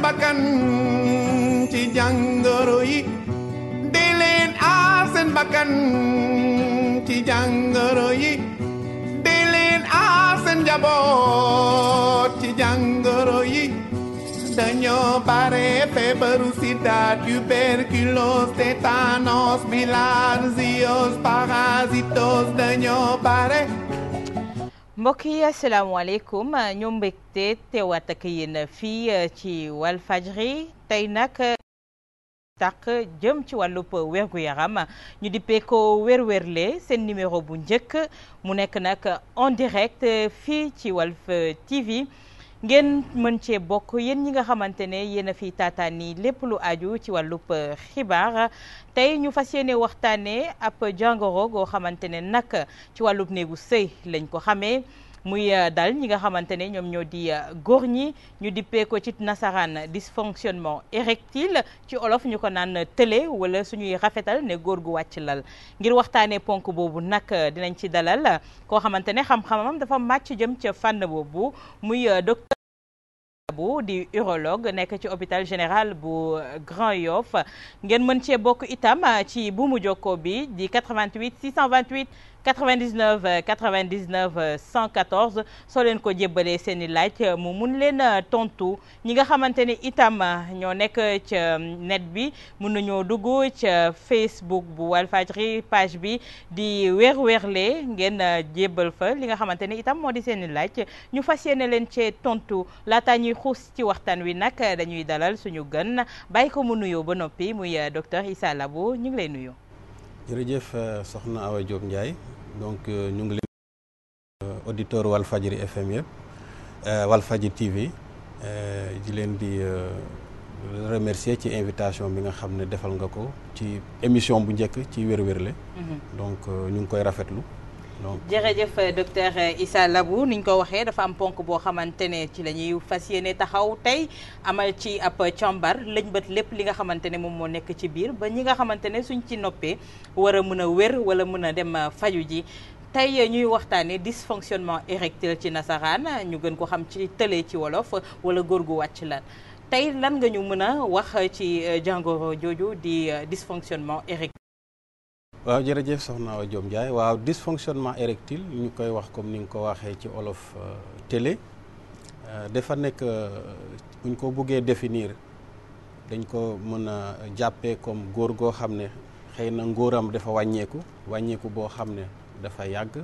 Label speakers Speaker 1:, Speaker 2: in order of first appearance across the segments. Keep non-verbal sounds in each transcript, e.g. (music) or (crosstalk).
Speaker 1: seen ci jàngoro yi dee leen ci jàngoro yi dee leen aar seen ci jàngoro yi bare feebaru sida tuberculose tétanos
Speaker 2: bilharziose
Speaker 1: parasitos dañoo bare
Speaker 2: mbokk yi asalaamaaleykum ñoo mbégte teewaat ak yéen fii euh, ci Walfajri tey nag euh, tàq jëm ci wàllub wérgu yaram ñu dippee ko wérwérle seen numéro bu njëkk mu nekk nag en direct euh, fii ci Walf TV ngeen mën cee bokk yéen ñi nga xamante ne yéen a fi taataan nii lépp lu aju ci wàllub euh, xibaar tey ñu fas yéene waxtaanee ab jàngoro goo xamante ne nag ci wàllu néegu sëy lañ ko xamee. muy euh, dal ñi nga xamante ne ñoom ñoo di euh, góor ñi ñu dippee ko ci nasaraan dysfonctionnement érectile ci olof ñu ko naan tële wala suñuy rafetal ne góor gu wàcc lal ngir waxtaanee ponk boobu nag euh, dinañ ci dalal koo xamante ne xam-xamam dafa màcc jëm ca fànn boobu muy docteur bu di urologue nekk ci hôpital général bu Grand Yoff ngeen mën cee bokk itam ci buumu jokkoo bi di 88 628 99 99 114 soo leen ko jébbalee seeni laaj euh, mu mun leen euh, tontu ñi nga xamante ni itam euh, ñoo nekk ca net bi mun nañoo dugg ca Facebook bu Walfadjri page bi di weer weerle ngeen jébbal fa li nga xamante ni itam moo di seeni laaj ñu fas yéene leen ce tontu laataa ñuy xuus ci waxtaan wi nag dañuy dalal suñu gën bàyyi ko mu nuyoo ba noppi muy docteur Issa Labo ñu ngi lay nuyu.
Speaker 3: jërëjëf euh, soxna Awa Diop Ndiaye donc euh, ñu ngi leen euh, auditeur Walfajri FM yëpp Walfajri TV di leen di remercier ci invitation bi nga xam ne defal nga ko ci émission bu njëkk ci wér-wérle mm-hmm. donc ñu ngi koy rafetlu
Speaker 2: jërëjëf euh, docteur euh, Issa Labou niñ ko waxee dafa am ponk boo xamante ne ci lañuy fas yéene taxaw tey amal ci ab càmbar lëñbët lépp li nga xamante ne moom moo nekk ci biir ba ñi nga xamante ne suñ ci noppee war a mën a wér wala mën a dem euh, faju ji tey ñuy waxtaanee dysfonctionnement érectile ci nasaraan ñu gën ko xam ci tëlee ci wolof wala góor gu wàcc lan tey lan nga ñu mën a wax ci jàngoro jooju di dysfonctionnement érectile
Speaker 3: waaw jërëjëf soxna Awa Diome Ndiaye waaw dysfonctionnement érectile ñu koy wax comme ni nga ko waxee ci olof euh, télé euh, dafa nekk euh, buñ ko buggee définir dañ ko mën a jàppee comme góor goo xam ne xëy na ngóoram dafa wàññeeku wàññeeku boo xam ne dafa yàgg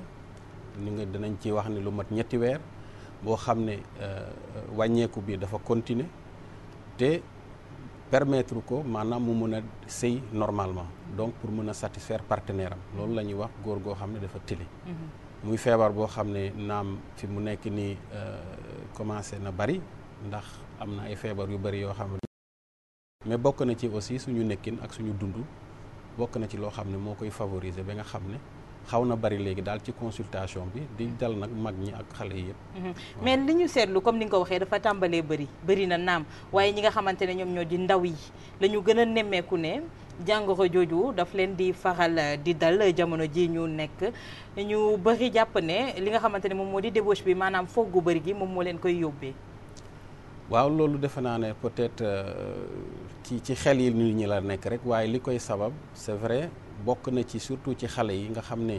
Speaker 3: ni nga dinañ ci wax ne lu mat ñetti weer boo xam ne wàññeeku bi dafa continuer te permettre ko maanaam mu mën a sëy normalement donc pour mën a satisfaire partenaire am loolu la ñuy wax góor goo xam ne dafa tili mhm. muy feebar boo xam ne naam fi mu nekk nii euh, commencé na bari ndax am na ay feebar yu bari yoo xam ne mais bokk na ci aussi suñu nekkin ak suñu dund bokk na ci loo xam ne moo koy favoriser ba nga xam ne xaw na bari léegi daal ci consultation bi di dal nag mag ñi ak xale yi yëpp.
Speaker 2: Mhm. mais li ñu seetlu comme ni nga ko waxee dafa tàmbalee bari bëri na naam waaye ñi nga xamante ne ñoom ñoo di ndaw yi la ñu gën a nemmeeku ne jàngoro jooju dafa leen di faral di dal jamono ji ñu nekk ñu bëri jàpp ne li nga xamante ne moom moo di débauche bi maanaam foog gu bëri gi moom moo leen koy yóbbee.
Speaker 3: waaw loolu defe naa ne peut-être euh, ci ci xel yi nit ñu la nekk rek waaye li koy sabab c'est vrai. bokk na ci surtout ci xale yi nga xam ne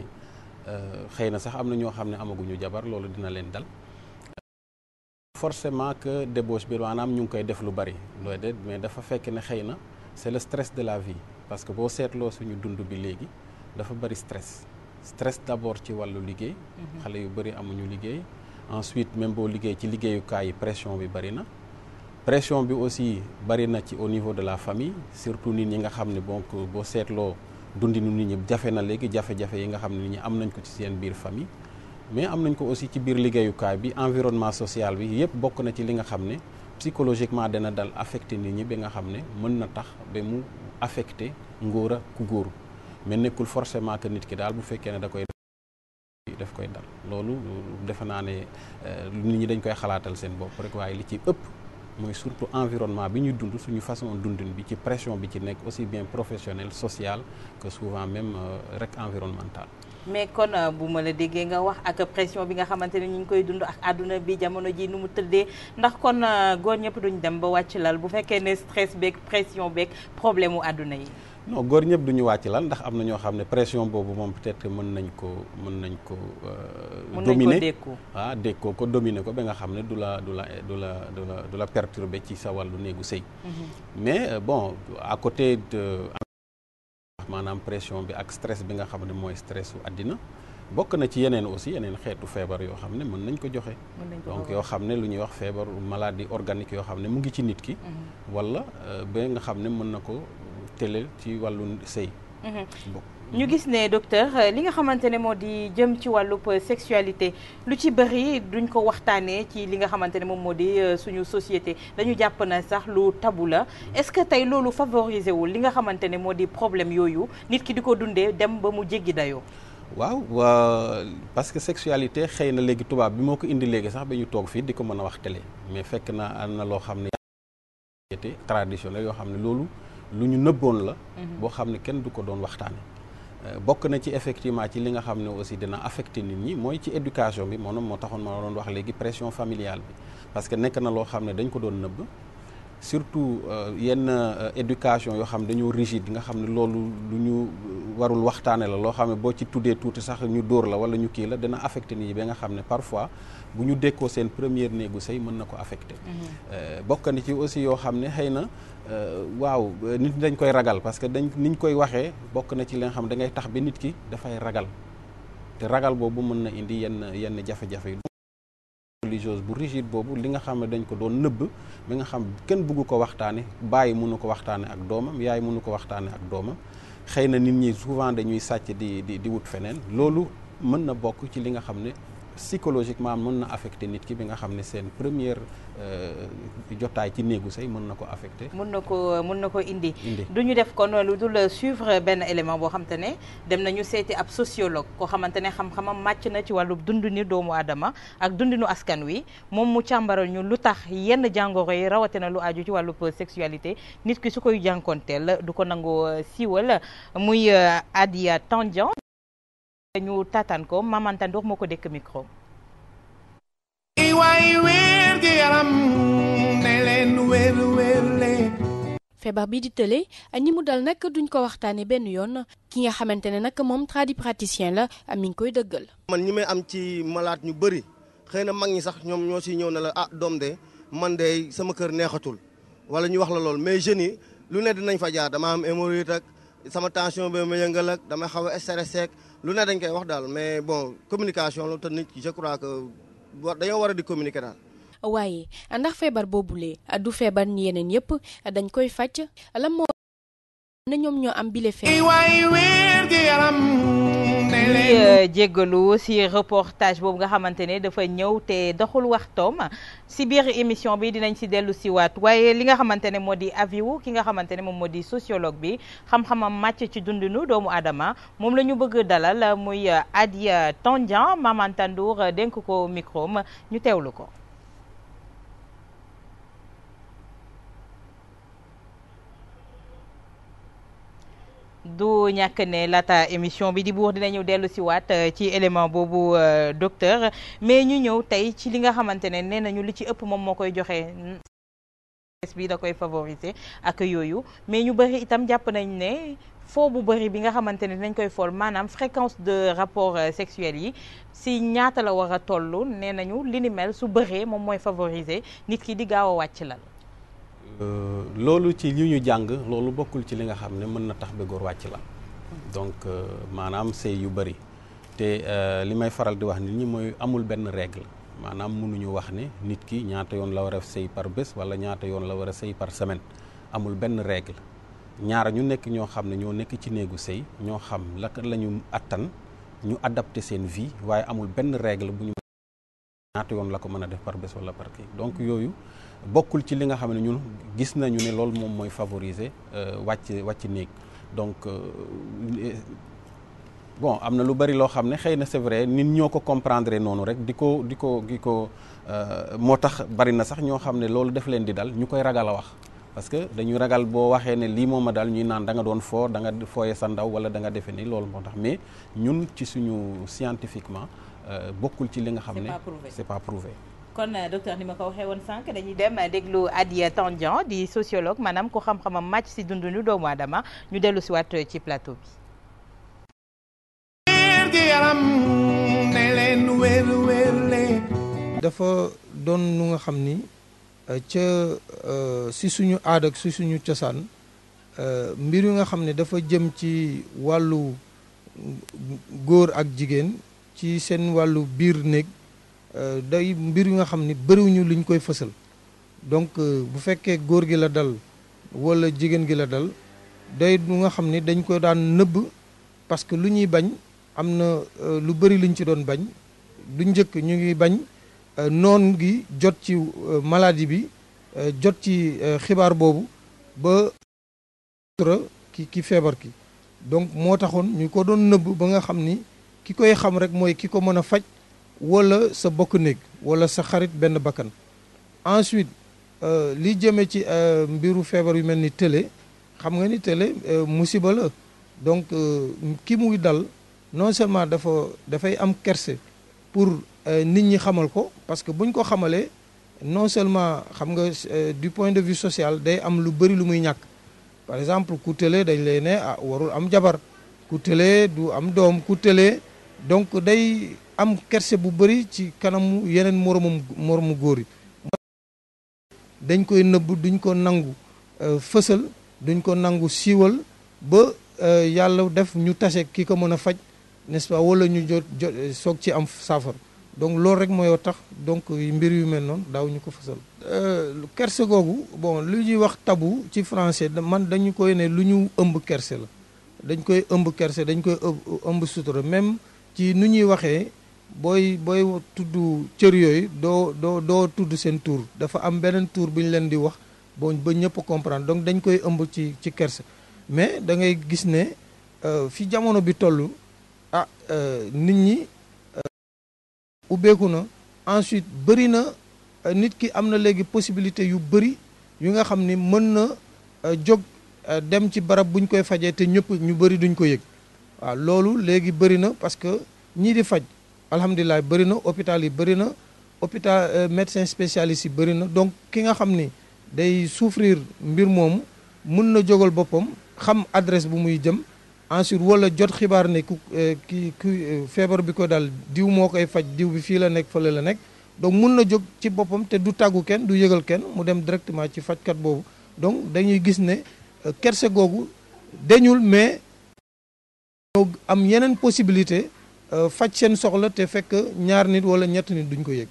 Speaker 3: euh, xëy na sax am na ñoo xam ne amaguñu jabar loolu dina leen dal forcément que débauche bi maanaam ñu ngi koy def lu bari looy de mais dafa fekk ne xëy na c'est le stress de la vie parce que boo seetloo suñu dund bi léegi dafa bari stress stress d'abord ci wàllu liggéey mm-hmm. xale yu bari amuñu liggéey ensuite même boo liggéey ci liggéeyukaay yi pression bi bari na pression bi aussi bari na ci au niveau de la famille surtout nit ñi nga xam ne donc boo seetloo dundinu nit ñi jafe na léegi jafe-jafe yi nga xam ne nit ñi am nañ ko ci seen biir famille mais am nañ ko aussi ci biir liggéeyukaay bi environnement social bi yëpp bokk na ci li nga xam ne psychologiquement dana dal affecté nit ñi bi nga xam ne mën na tax ba mu affecté ngóor a ku góor mais nekkul forcément que nit ki daal bu fekkee ne da koy daf koy dal loolu defe naa ne euh, nit ñi dañ koy xalaatal seen bopp rek waaye li ci ëpp mooy surtout environnement bi ñu dund suñu façon dundin bi ci pression bi ci nekk aussi bien professionnelle social que souvent même euh, rek environnementale
Speaker 2: mais kon euh, bu ma la déggee nga wax ak pression bi nga xamante ne ñu ngi koy dund ak àdduna bi jamono ji nu mu tëddee ndax kon euh, góor ñëpp duñ dem ba wàcc lal bu fekkee ne stress beeg pression beeg problème mu àdduna yi
Speaker 3: non góor du ñu wàcc lan ndax am na ñoo xam ne pression boobu moom peut-être mën nañ ko mën nañ ko. Euh, dominer ah dékkoo ko dominer ko ba nga xam ne du la du la du la du la ci sa wàllu néegu sëy. Mhm. mais euh, bon à côté de. maanaam pression bi ak stress bi nga xam ne mooy stressu àddina bokk na ci yeneen aussi yeneen xeetu feebar yoo xam ne mën nañ ko joxe donc yoo xam ne lu ñuy wax feebaru maladie organique yoo xam ne mu ngi ci nit ki mhm. wala euh, ba nga xam ne mën na ko tëleel ci wàllu sëy
Speaker 2: mhm. ñu gis ne docteur li nga xamante ne moo di jëm ci wàllu sexualité lu ci bëri duñ ko waxtaanee ci li nga xamante ne moom moo di euh, suñu société dañu jàpp na sax lu tabu la est-ce que tey loolu favoriser wul li nga xamante ne moo di problème yooyu nit ki di ko dundee dem ba mu jéggi dayoo.
Speaker 3: waaw parce que sexualité xëy na léegi tubaab bi moo ko indi léegi sax ba ñu toog fii di ko mën a wax tele mais fekk na am na loo xam ne traditionnel yoo xam ne loolu. lu ñu nëbboon la. Mhm. boo xam ne kenn du ko doon waxtaane euh, bokk na ci effectivement ci li nga xam ne aussi dina affecté nit ñi mooy ci éducation bi moom moo taxoon ma doon wax léegi pression familiale parce que nekk na loo xam ne dañ ko doon nëbb surtout euh, yenn euh, éducation yoo xam ne dañoo rigide nga xam ne loolu lu ñu warul waxtaane la loo xam ne boo ci tuddee tuuti sax ñu dóor la wala ñu kii la dina affecté nit ba nga xam ne parfois bu ñu dekkoo seen première néegu sëy mën na ko affecté mhm. bokk na ci aussi yoo xam ne xëy na Euh, waaw euh, nit dañ koy ragal parce que dañ niñ koy waxee bokk na ci li nga xam dangay tax bi nit ki dafay ragal te ragal boobu mën na indi yenn yenn jafe-jafe yi religieuse bu rigide boobu li nga xam ne dañ ko doon nëbb mi nga xam kenn buggu ko waxtaane bàyyi mënu ko waxtaane ak doomam yaay mënu ko waxtaane ak doomam xëy na nit ñi souvent dañuy sàcc di di di wut feneen loolu mën na bokk ci li nga xam ne psychologiquement mun na affecté nit ki bi nga xam ne seen première euh, jotaay ci néegu sëy mun na ko affecté.
Speaker 2: mun na ko mën na ko indi. indi du ñu def kon lu dul suivre benn élément boo xam te ne dem nañu seeti ab sociologue koo xamante ne xam-xamam màcc na ci wàllu dundu dundinu doomu aadama ak dundinu askan wi moom mu càmbaral ñu lu tax yenn jàngoro yi rawatina lu aju ci wàllu sexualité nit ki su koy jànkoonteel du ko nangoo siiwal muy euh, Adia Tandian. ñu taataan ko Maam Anta Ndour moo ko dékk micro
Speaker 4: feebar bi di tële ñi mu dal nag duñ ko waxtaanee benn yoon ki nga xamante ne nag moom tradipraticien la mi ngi koy dëggal.
Speaker 5: man ñi may am ci malaat ñu bëri xëy na mag ñi sax ñoom ñoo si ñëw na la ah doom de man de sama kër neexatul wala ñu wax la lool mais jeunes yi lu ne nañ fa jaar dama am hémorroïde sama tension bi ma yëngal ak dama xaw a stressé ak lu ne dañ koy wax daal mais bon communication la te nit je crois que war dañoo war a di communiqué daal.
Speaker 4: waaye ndax feebar boobu boobule du feebar ni yeneen yëpp dañ koy faj lan moo ñoom ñoo am bile
Speaker 2: di euh, jéggalu si reportage boobu nga xamante ne dafa ñëw te doxul waxtoom si biir émission bi dinañ si dellu si waat waaye li nga xamante ne moo di aviwu ki nga xamante ne moom moo di sociologue bi xam-xamam màcc ci dundinu doomu aadama moom la ñu bëgg dalal muy euh, Adia Tandian Maman Tandour euh, dénk ko microm ñu teewlu ko du ñàkk ne laata émission bi di buur dinañu dellu si waat euh, ci élément boobu euh, docteur mais ñu ñëw tey ci li nga xamante ne nee nañu li ci ëpp moom moo koy joxe bi da koy favoriser ak yooyu mais ñu bëri itam jàpp nañ ne foo bu bëri bi nga xamante ne dinañ koy fool maanaam fréquence de rapport euh, sexuel yi si ñaata la war a toll nee nañu li ni su bëree moom mooy favoriser nit ki di gaaw a wàcc lal
Speaker 3: Euh, loolu ci li ñu jàng loolu bokkul ci li nga xam ne mën na tax ba góor wàcc la donc euh, maanaam sëy yu bëri te euh, li may faral di wax nit ñi mooy amul benn règle maanaam ñu wax ne nit ki ñaata yoon la war a sëy par bés wala ñaata yoon la war a sëy par semaine amul benn règle ñaar ñu nekk ñoo xam ne ñoo nekk ci néegu sëy ñoo xam la lañu attan ñu adapté seen vie waaye amul benn règle bu ñu ñaata yoon la ko mën a def par bés wala par donc yooyu bokkul ci li nga xam ne ñun gis nañu ne loolu moom mooy favoriser euh, wàcc wàcc néeg donc euh, euh, bon am na lu bari loo xam ne xëy na c'est vrai nit ñoo ko comprendre noonu rek di ko di ko di ko moo tax bari na sax ñoo xam ne loolu def leen di dal ñu koy ragal a wax parce que dañuy ragal boo waxee ne lii moom a daal ñuy naan da nga doon foo da nga fooye sa ndaw wala da defe ni loolu moo tax mais ñun ci suñu scientifiquement bokkul ci li nga xam ne c'est pas
Speaker 6: prouvé
Speaker 2: kon euh, docteur ni ma ko waxee woon sànq dañuy dem euh, déglu Hady Tandian di sociologue maanaam ku xam-xamam màcc si dunduñu doomu aadama ñu dellu si waat euh, ci plateau bi.
Speaker 7: dafa doon lu nga xam ni ca si suñu aada ak suñu cosaan mbir yu nga xam ne dafa jëm ci wàllu góor ak jigéen ci seen wàllu biir néeg Euh, day mbir yu nga xam ni bëriwuñu luñ koy fësal donc euh, bu fekkee góor gi la dal walla jigéen gi la dal day lu nga xam ni dañ ko daan nëbb parce que lu ñuy bañ am na euh, lu bëri luñ ci doon bañ lu njëkk ñu ngi bañ noon gi jot ci maladie bi jot ci xibaar boobu ba ki ki feebar ki donc moo taxoon ñu ko doon nëbb ba nga xam ni ki koy xam rek mooy ki ko mën a faj wala sa bokk néeg wala sa xarit benn bakkan ensuite euh, li jëmee ci euh, mbiru feebar yu mel ni télé xam nga ni télé euh, musiba la donc ki muy dal non seulement dafa dafay am kerse pour nit ñi xamal ko parce que buñ ko xamalee non seulement xam nga du point de vue social day am lu bëri lu muy ñàkk par exemple ku télé dañ lay ne ah warul am jabar ku télé du am doom ku télé donc day am kerse bu bëri ci kanamu yeneen moromam moromu góor yi dañ koy nëbb duñ ko nangu euh, fësal duñ ko nangu siiwal ba euh, yàlla def ñu tase ki ko mën a faj n'est-ce pas wala ñu jot soog ci am saafara donc loolu rek mooyoo tax donc mbir yu mel noonu daaw ñu ko fësal euh, kerse googu bon lu ñuy wax tabu ci français man dañu koy ne lu ñu ëmb kerse la dañ koy ëmb kerse dañ koy ëmb sutura même ci nu ñuy waxee booy booy tudd cër yooyu doo doo doo tudd seen tour dafa am beneen tur bu ñu leen di wax boo ba ñëpp comprendre donc dañ koy ëmb ci ci kersa mais da ngay gis ne euh, fi jamono bi toll ah euh, nit ñi euh, ubbeeku na ensuite bëri na nit ki am na léegi possibilité yu bëri yu nga xam ni mën na jóg dem ci barab buñ koy fajee te ñëpp ñu bëri duñ ko yëg waaw loolu léegi bëri na parce que ñii di faj alhamdulilah bëri na hôpital yi bëri na hôpital euh, médecin spécialiste yi bëri na donc ki nga xam ni day souffrir mbir moomu mun na jógal boppam xam adresse bu muy jëm ensuite wala jot xibaar ne ku euh, ki euh, feebar bi ko daal diw moo koy faj diw bi fii la nekk fële la nekk donc mun na jóg ci boppam te du tàggu kenn du yëgal kenn mu dem directement ci fajkat boobu donc dañuy gis ne kerse googu dañul mais ñoo am yeneen possibilité Euh, faj seen soxla te fekk ñaar nit wala ñett nit duñ ko yëg.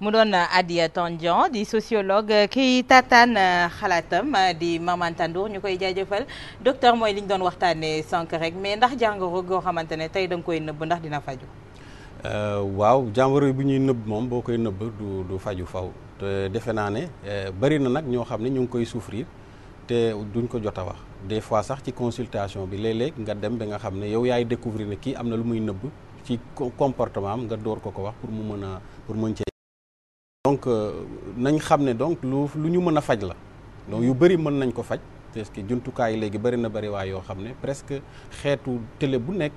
Speaker 2: mu doon Adia Tandian di sociologue euh, kiy tataan euh, xalaatam di Maman ñu koy jaajëfal docteur mooy li doon waxtaanee sànq rek mais ndax jàngoro goo xamante ne tey danga koy nëbb ndax dina faju
Speaker 3: waaw jàngoro bi ñuy nëb moom boo koy nëbb du faju faw te defe naa ne bari na nag ñoo xam ne ñu ngi koy souffrir te duñ ko jot a wax. des fois sax ci consultation bi léeg-léeg nga dem ba nga xam ne yow yaay découvrir ne kii am na lu muy nëbb ci comportement am nga door ko ko wax pour mu mën a pour mën cee donc euh, nañ xam ne donc lu lu ñu mën a faj la donc yu bëri mën nañ ko faj parce que jumtukaay léegi bëri na bëri waay yoo xam ne presque xeetu télé bu nekk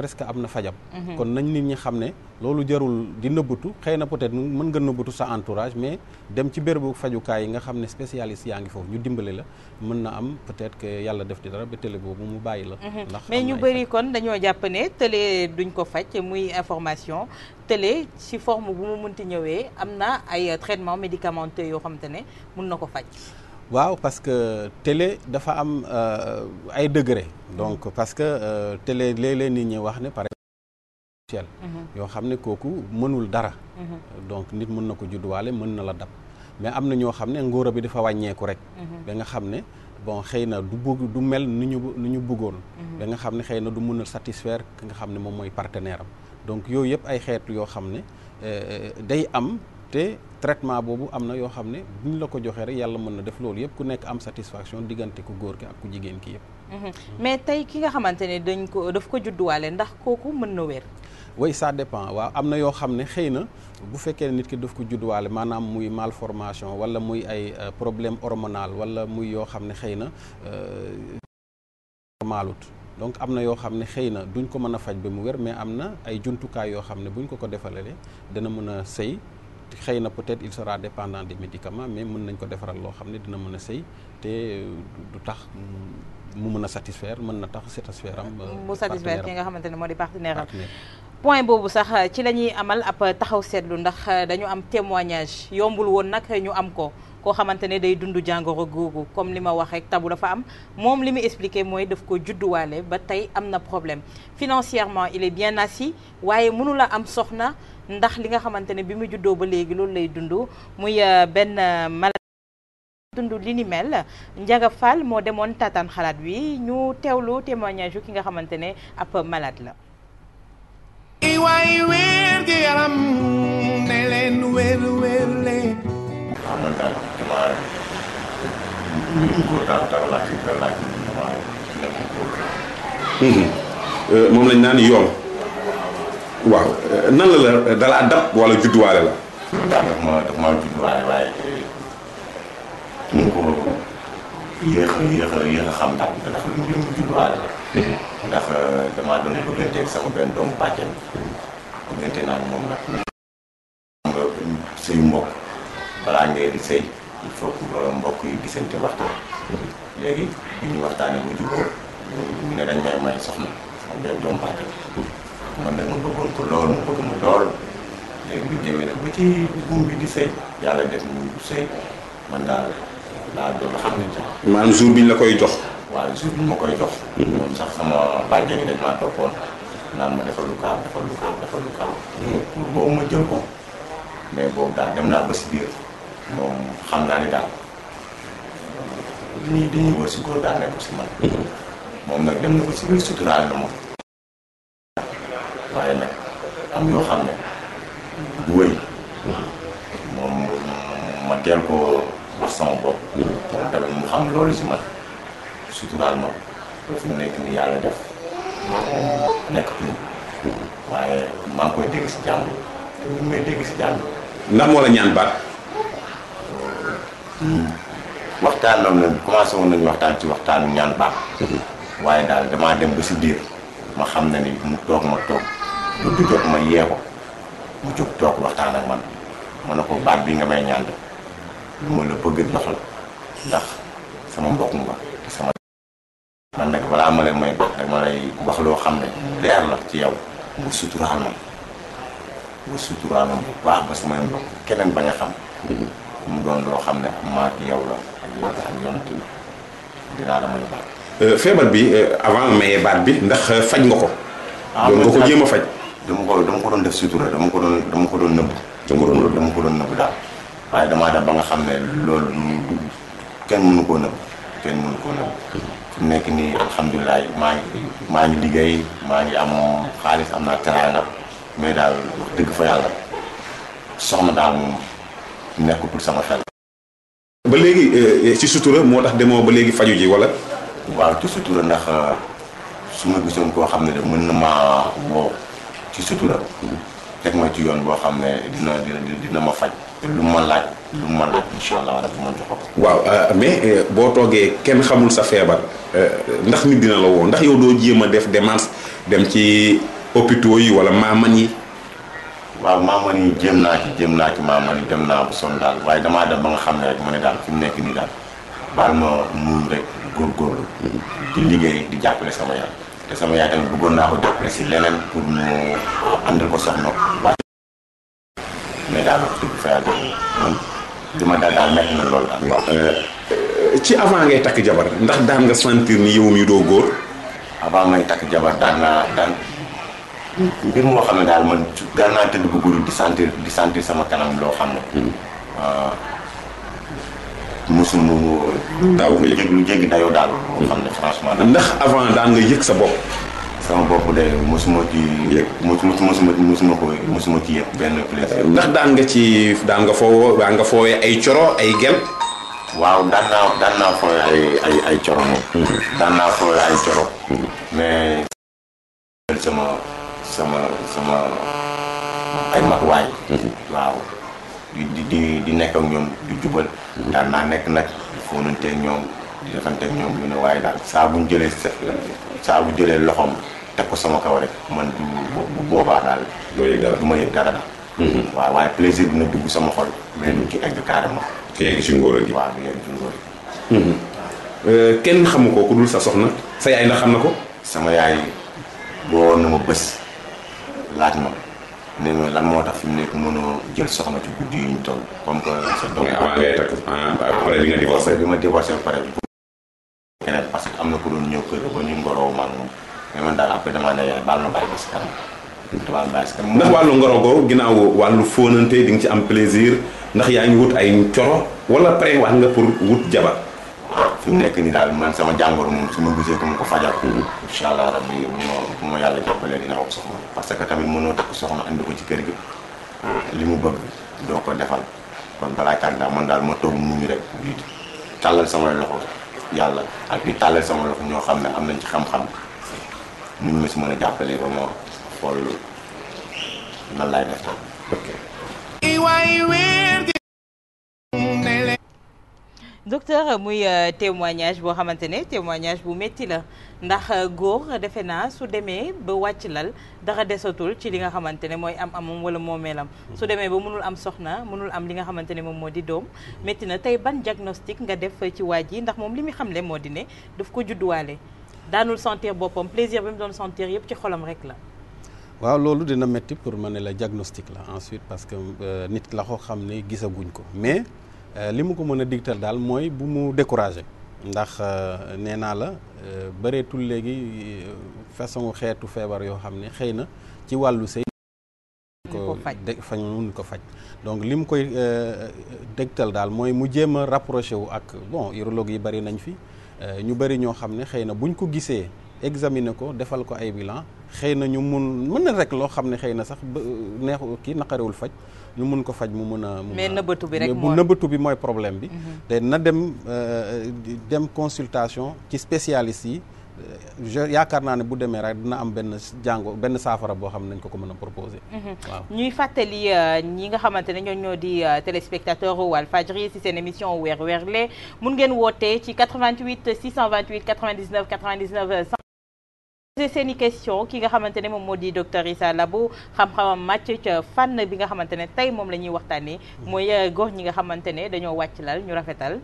Speaker 3: presque am na fajam mhm. kon nañ nit ñi xam ne loolu jarul di nëbbatu xëy na peut-être mën nga nëbbatu sa entourage mais dem ci bérébu fajukaay yi nga xam ne spécialiste yaa ngi foofu ñu dimbali la mën na am peut-être yàlla def di dara ba télé boobu mu bàyyi la mhm. ndax mais ñu
Speaker 2: bëri kon dañoo jàpp ne télé duñ ko faj muy information télé ci forme bu mu munti ñëwee am na ay traitement médicamenteux yoo xam te ne mun na ko faj
Speaker 3: waaw parce que télé dafa am euh, ay degré donc parce que euh, télé léeg-léeg nit ñi wax ne par exemple mhm. yoo xam ne kooku mënul dara mhm. donc nit mën na ko judduwaale mën na la dab mais am na ñoo xam ne ngoro bi dafa wàññeeku rek mhm. da nga xam ne bon xëy na du bëgg du mel ni ñu ñu bëggoon da nga xam ne xëy na du mën a satisfaire ki nga xam ne moom mooy partenaire am donc yooyu yëpp ay xeetu yoo xam ne euh, day am te traitement boobu am na yoo xam ne bu la ko joxee rek yàlla mën na def loolu yëpp ku nekk am satisfaction diggante ku góor ki ak ku jigéen ki yëpp.
Speaker 2: Mhm. mais tey ki nga xamante ne dañ ko daf ko judduwaale ndax kooku mën na wér.
Speaker 3: oui sa dépend waaw am na yoo xam ne xëy na bu fekkee nit ki daf ko judduwaale maanaam muy formation wala muy ay euh, problème hormonal wala muy yoo xam ne xëy na euh, normaalut donc am na yoo xam ne xëy na duñ ko mën a faj ba mu wér mais am na ay jumtukaay yoo xam ne buñ ko ko defalalee dana mën a sëy xëy na peut-être il sera dépendant des médicaments mais mën nañ ko defaral loo xam ne dina mën a sëy te du tax mu mën a satisfaire mën na tax satisfaire am. Euh, mu satisfaire ki nga xamante ne moo di partenaire am
Speaker 2: point boobu sax euh, ci la ñuy amal ab taxaw seetlu ndax euh, dañu am témoignage yombul woon nag ñu am ko. koo xamante ne day dund jàngoro googu comme li ma wax rek tabu dafa am moom li mu expliqué mooy daf ko judduwaale ba tey am na problème financièrement il est bien assis waaye mënula am soxna. ndax li nga xamante ne bi mu juddoo ba léegi loolu lay dund muy benn mala dund li mel Ndiaga Fall moo demoon taataan xalaat wi ñu teewlu témoignage yu ki nga xamante ne ab la
Speaker 8: moom lañ naan yoon waaw nan la la dalaa dab wala judduwaale la. daf ma daf judduwaale waaye. mu ngi ko yéex a yéex a yéex a xam ndax ndax mu judduwaale la. Mm-hmm. ndax euh, damaa doon bëgganteeg sama benn doomu bàjjen. di sëy il faut euh, yi gisante waxtu. léegi bi ñu waxtaanee mu benn doomu bàjjen. man nag ma bëggoon ko lool ma bëgg ma lool léegi bu demee nag ba ci buum bi di sëy yàlla def mu sëy man daal laa doon xam ne sax maanaam jour bi ñu la koy jox waaw jour bi ñu ma koy jox moom sax sama bàjjen yi dañ maa naan ma defal lu kaaw ma jël ko mais boobu daal dem naa moom xam naa ni li ñuy dañuy wër si góor daal nekk si man mm-hmm. moom nag dem na ba si biir suturaal na moom waaye nag am yoo xam ne du wéy moom ma teel ko wax sama bopp moom tamit mu xam loolu si man suturaal ma fi mu nekk ni yàlla def waaye maa ngi koy dégg si jàmm te ñu may dégg si jàmm lan moo la ñaan baat waxtaan noonu nañ commencé woon nañu waxtaan ci waxtaanu ñaan baat mhm. waaye daal damaa dem ba si biir ma xam ne ni mu toog ma toog guddi jot ma yee mu jóg toog waxtaan ak man ma ne ko baat bi nga may ñaan lu ma la bëgg jox la ndax sama mbokk nga sama man nag balaa ma may wax loo xam ne ci yow nga suturaal ma nga suturaal ma ba samay mbokk keneen ba nga xam mu doon loo xam ne maak yow la ak la ak yonent la dinaa la may baat euh, feebar bi euh, avant maye baat bi ndax euh, faj nga ko doon ah, nga ko jéem a faj dama ko dama ko doon def sutura dama ko doon ko doon nëbb. dama ko doon dama ko doon nëbb daal waaye damaa def ba nga xam ne loolu kenn mënu koo nëbb kenn mënu koo nëbb. fi nekk nii alhamdulilah maa ngi maa ngi liggéey maa ngi am xaalis am naa teraanga mais daal wax dëgg fa yàlla soxna daal moom nekkatul sama xel.
Speaker 3: ba léegi eh, ci sutura moo tax demoo ba léegi faju
Speaker 8: ji wala. waaw ci sutura ndax su ma gisoon koo xam ne de mën na maa woo ci sutura teg ma ci yoon boo xam ne dina dina dina ma faj lu ma laaj lu ma laaj incha allah daf ma jox waaw euh, mais euh, boo toogee kenn xamul sa feebar euh, ndax nit dina la woon ndax yow doo jéem a def démarche dem ci hôpitaux yi wala maaman yi waaw maaman yi jéem naa ci jéem naa ci maaman yi dem naa bu son daal waaye damaa dem ba nga xam ne rek ma ne daal fi mu nekk nii daal baal ma muñ rek góorgóorlu di liggéey di jàppale sama yaram te sama yaay ko jàppale si leneen pour ko soxna mais daal euh, ci avant ngay takk jabar ndax daan nga sentir ni yow mi doo góor. avant may takk jabar daan naa daan mbir moo xam ne daal man daan naa tëdd bu guddi di sentir di sentir sama kanam loo xam ne. Hmm. Euh, musuma daaw nga yëg lu jéggi daal moo mm. xam ne franchement ndax avant daan nga yëg sa bopp sama bopp de mosuma ci yëg mosuma mosuma mosuma ko mosuma ci yëg benn plaisir ndax daan
Speaker 3: nga ci daan
Speaker 8: nga foo daan nga foowee ay coro ay gel waaw daan naa daan ay ay ay coro moom mm. mm. mais sama sama sama ay mag mm-hmm. waaw di di di nekk ak ñoom di jubal. daan naa nekk nag fóonanteeg ñoom di defanteeg ñoom lu ne waaye daal saa bu ñu jëlee saa bu jëlee loxoom teg ko sama kaw rek man du bu boobaa daal. doo yëg dara du ma yëg dara. Mm-hmm. waaw waaye plaisir dina dugg sama xol. mais du ci egg carrément. te mm-hmm. euh,
Speaker 3: ko sa soxna sa yaay ndax na ko.
Speaker 8: sama yaay boo na ma bés laaj ma léegi nag moo tax fi mu nekk jël soxna ci guddi yi ñu toll ah, ma divorcé ba pare parce que am na ku doon ñëw kër ba ñu ngoroo man moom ba si kanam damaa ndax wàllu ngoro googu ginnaaw wàllu fóonante di nga ci am plaisir ndax yaa ngi wut ay coro wala pare wax nga pour wut jabar fi mu nekk nii daal man sama jàngoro moom su ma gisee ko ma ko fajal. incha allah rabbi bu ma yàlla jàppalee dina ko soxna. parce que tamit mënoo takk soxna andi ko ci kër gi. li mu bëgg doo ko defal kon balaa kàddaa man daal ma toog ñu rek di tàllal sama loxo yàlla ak di tàllal sama loxo ñoo xam ne am nañ ci xam-xam ñu ma si mën a jàppalee ba ma xool nan laay def tam.
Speaker 2: docteur muy euh, témoignage boo xamante ne témoignage bu métti la ndax euh, góor defe naa su demee ba wàcc lal dara desatul ci li nga xamante ne mooy am amam wala moomeelam su demee ba munul am soxna mënul am li nga xamante ne moom moo di doom métti na tey ban diagnostic nga def ci waa ji ndax moom li muy xam xamle moo di ne daf ko judduwaale daanul sentir boppam plaisir bi mu doon sentir yëpp ci xolam rek la
Speaker 3: waaw loolu dina métti pour ma ne la diagnostic la ensuite parce que euh, nit la ko xam ne gisaguñ ko mais Euh, li mu ko mën a digtal daal mooy bu mu découragé ndax euh, nee naa la euh, bareetul léegi façon xeetu feebar yoo xam ne xëy na ci wàllu sëy ko fañ mun ko faj donc li mu koy dégtal daal mooy mu jéem a rapproché wu ak bon urologue yi bari nañ fi ñu bari ñoo xam ne xëy na buñ ko gisee examiner ko defal ko ay bilan xëy na ñu mun mën na rek loo xam ne xëy na sax ba neexu kii naqarewul faj ñu mun ko faj mu mun a. mu nëbbatu bi rek bu nëbbatu bi mooy problème bi. Mhm. te na dem euh, dem consultation ci spécialiste yi. Euh, je yaakaar naa ne bu demee rek dina am benn jàngo benn saafara boo xam ne nañ ko ko mën a proposer.
Speaker 2: Mhm. ñuy fàttali euh, ñi nga xamante ne ñoo di téléspectateur Walfadjri si seen émission weer weer lee mun ngeen woote ci 88 628 99 99. posé seen i question ki nga xamante ne moom moo di docteur Issa Labo xam-xamam màcc ca fànn bi nga xamante ne tey moom la ñuy waxtaanee mooy euh, góor ñi nga xamante ne dañoo wàcc lal ñu rafetal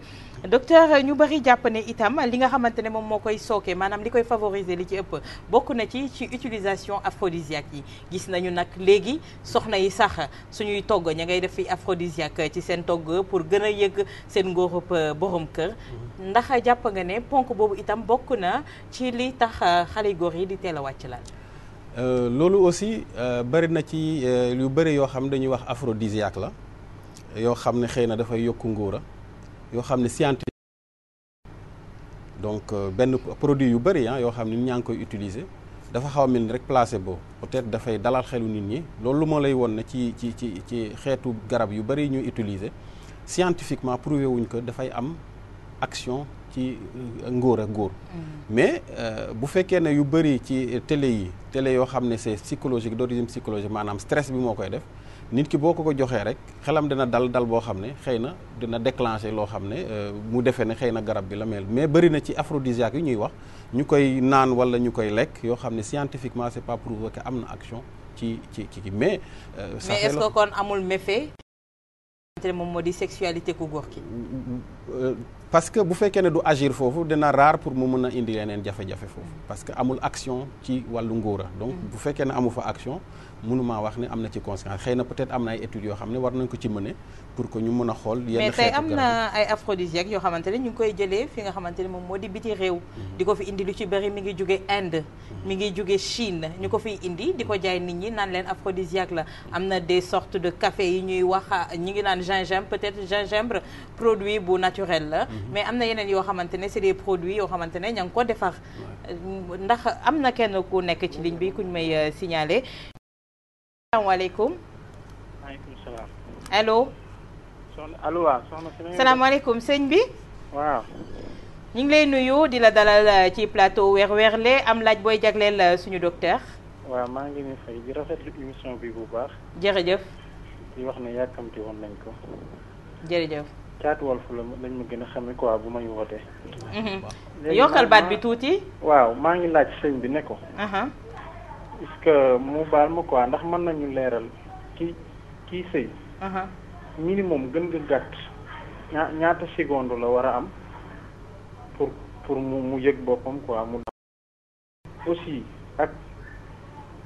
Speaker 2: docteur ñu bëri jàpp ne itam li nga xamante ne moom moo koy sooke maanaam li koy favoriser li ci ëpp bokk na ci ci utilisation aphrodisiaque yi gis nañu nag léegi soxna yi sax suñuy togg ña ngay def fi aphrodisiaque ci seen togg pour gën a yëg seen ngóorub euh, borom kër mm-hmm. ndax jàpp nga ne ponk boobu itam bokk na tax euh, xale góor yi di teel a wàcc laal
Speaker 3: euh, loolu aussi euh, bëri na ci euh, yu bëri yoo xam ne dañuy wax aphrodisiaque la yoo xam ne xëy na dafay yokku ngóora yoo xam ne scientifique donc benn produit yu bari ah yoo xam ne ñaa ngi koy utiliser dafa xaw a mel ni rek placebo peut-être dafay dalal xelu nit ñi loolu moo lay won na ci ci ci ci xeetu garab yu bëri ñuy utiliser scientifiquement prouvé wuñ ko dafay am action ci euh, ngóor a góor mais euh, bu fekkee ne yu bëri ci télé yi télé yoo xam ne c'est psychologique d'origine psychologique maanaam stress bi moo koy def nit ki boo ko ko joxee rek xelam dina dal dal boo xam ne xëy na dina déclencher loo xam ne euh, mu defee ne xëy na garab bi la mel mais bëri na ci aphrodisiaque yu ñuy wax ñu koy naan wala ñu koy lekk yoo xam ne scientifiquement c'est pas prouvé que am na action ci ci ci mais. mais est-ce
Speaker 2: kon amul méfait. te moom moo di sexualité ku góor ki
Speaker 3: euh, parce que bu fekkee ne du agir foofu dina rare pour mu mën a indi yeneen jafe-jafe foofu parce que amul action ci wàllu ngóora donc mm. bu fekkee ne amu fa action mënumaa wax ne am na ci conséquence xëy na peut-être am na ay études yoo xam ne war nañ ko ci mëne pour que ñu mën a xool yenn xeetu mais tey am
Speaker 2: na yoo xamante ne ñu ngi koy jëlee fi nga xamante ne moom moo di biti réew mhm. di ko fi indi lu ci bëri mi ngi jóge Inde mi ngi jóge Chine ñu ko fi indi di ko jaay nit ñi naan leen aphrodisiaque la am na des sortes de café yi ñuy wax ñi ngi naan gingembre peut-être gingembre produit bu naturel la mhm. mais am na yeneen yoo xamante ne c'est des produits yoo xamante ne ña ko defar ndax am na kenn ku nekk ci ligne bi kuñ may euh, signaler salaamaaleykum. maaleykum salaam. allo. soxna allo waaw soxna si. salaamaaleykum sëñ bi. waaw. ñu ngi lay nuyu di la dalal euh, ci plateau weer weerle am laaj booy jagleel euh, suñu docteur. waaw maa ngi leen fay di rafetlu émission bi bu baax. jërëjëf. di wax ne yàkkamti woon nañ ko. jërëjëf.
Speaker 6: caatu Walf la lañ ma gën a xamee quoi bu may wootee.
Speaker 2: Mhm. yokkal baat bi tuuti.
Speaker 6: waaw maa ngi laaj sëñ bi ne ko. est-ce que mu baal ma quoi ndax mën nañu leeral ki kii sëy minimum
Speaker 3: gën nga gàtt ñaa ñaata seconde la war a am pour pour mu mu yëg boppam quoi mu aussi ak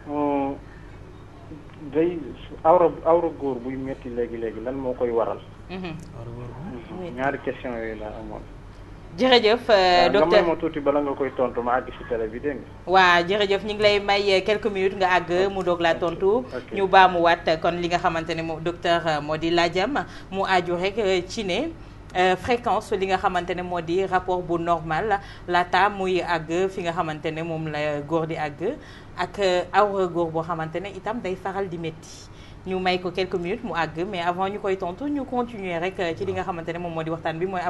Speaker 3: euh,
Speaker 6: day awra awra góor buy metti léegi-léegi lan moo koy waral mhm. ñaari question yooyu laa amoon
Speaker 2: jërëjëf euh, docteur
Speaker 6: ma tuuti bala nga tontu ma àgg si télé bi dégg nga
Speaker 2: waa jërëjëf ñu ngi lay may euh, quelque minutes nga àgg mu doog laa tontu ñu baamuwaat euh, kon li nga xamante ne moom docteur moo di laajam mu aju rek ci ne fréquence li nga xamante ne moo di rapport bu normal la laata muy àgg fi nga xamante ne moom la góor di àgg ak awra góor boo xamante ne itam day faral di métti ñu may ko quelques minutes mu àgg mais avant ñu koy tontu ñu continuer rek ci li nga xamante ne moom moo di waxtaan bi mooy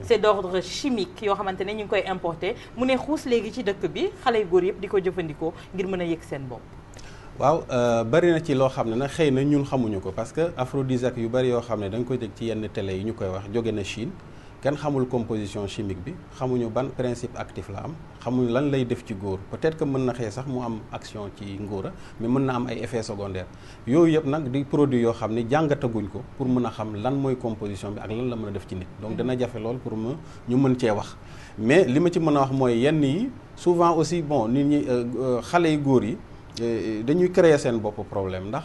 Speaker 2: c'est d'ordre chimique yoo xamante ne ñu ngi koy importer mu ne xuus léegi ci dëkk bi xale yu góor yëpp di ko jëfandikoo ngir mën a yëg seen bopp.
Speaker 3: waaw euh, bari na ci loo xam ne nag xëy na ñun xamuñu ko parce que aphrodisiaque yu bari yoo xam ne da nga koy dégg ci yenn télé yi ñu koy wax jóge na Chine. kenn xamul composition chimique bi xamuñu ban principe actif la am xamuñu lan lay def ci góor peut-être que mën na xëy sax mu am action ci ngóora mais mën na am ay effet secondaires yooyu yëpp nag di produit yoo xam ni jàngataguñ ko pour mën a xam lan mooy composition bi ak lan la mën a def ci nit donc dana jafe lool pour ma ñu mën cee wax mais li ma ci mën a wax mooy yenn yi souvent aussi bon nit ñi euh, euh, xale yu góor yi euh, dañuy créer seen bopp problème ndax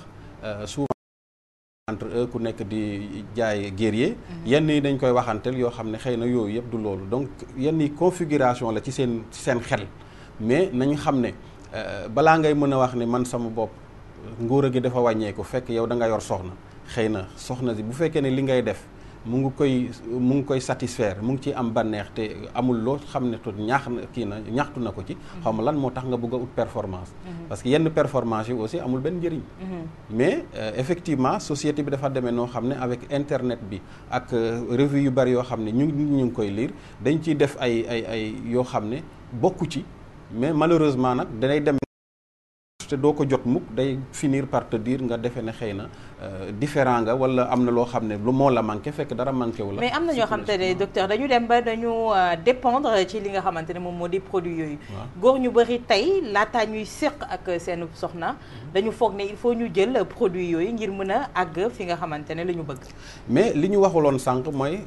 Speaker 3: entre eux ku nekk di jaay guerrier mhm. yenn yi dañ koy waxanteel yoo xam ne xëy na yooyu yëpp du loolu donc yenn yi configuration la ci seen seen xel mais nañu xam ne euh, balaa ngay mën a wax ne man sama bopp nguur gi dafa wàññeeku fekk yow da nga yor soxna xëy na soxna si bu fekkee ne li ngay def mu ngi koy mu ngi koy satisfaire mu ngi ciy am banneex te amul loo xam ne tuut ñaax na kii na ñaxtu na ko ci. Mhm. xaw ma lan moo tax nga bëgg a ut performance. Mhm. parce que yenn performance yi aussi amul benn njëriñ. Mhm. mais euh, effectivement société bi dafa demee noo xam ne avec internet bi ak euh, revue yu bari yoo xam ne ñu ñu ngi koy liir dañ ciy def ay ay ay yoo xam ne bokku ci mais malheureusement nag danay dem te doo ko jot mukk day finir par te nga defe ne xëy na. Euh, différent nga wala am na loo xam ne lu moo la manqué fekk dara manqué wu la. mais
Speaker 2: am na ñoo xamante ne docteur dañu dem ba dañu euh, dépendre ci li nga xamante ne moom moo di produit yooyu. góor ñu bëri tey laataa ñuy séq ak seen soxna. Mhm. dañu foog ne il faut ñu jël produit yooyu ngir mën a àgg fi nga xamante ne la bëgg.
Speaker 3: mais li ñu waxuloon sànq mooy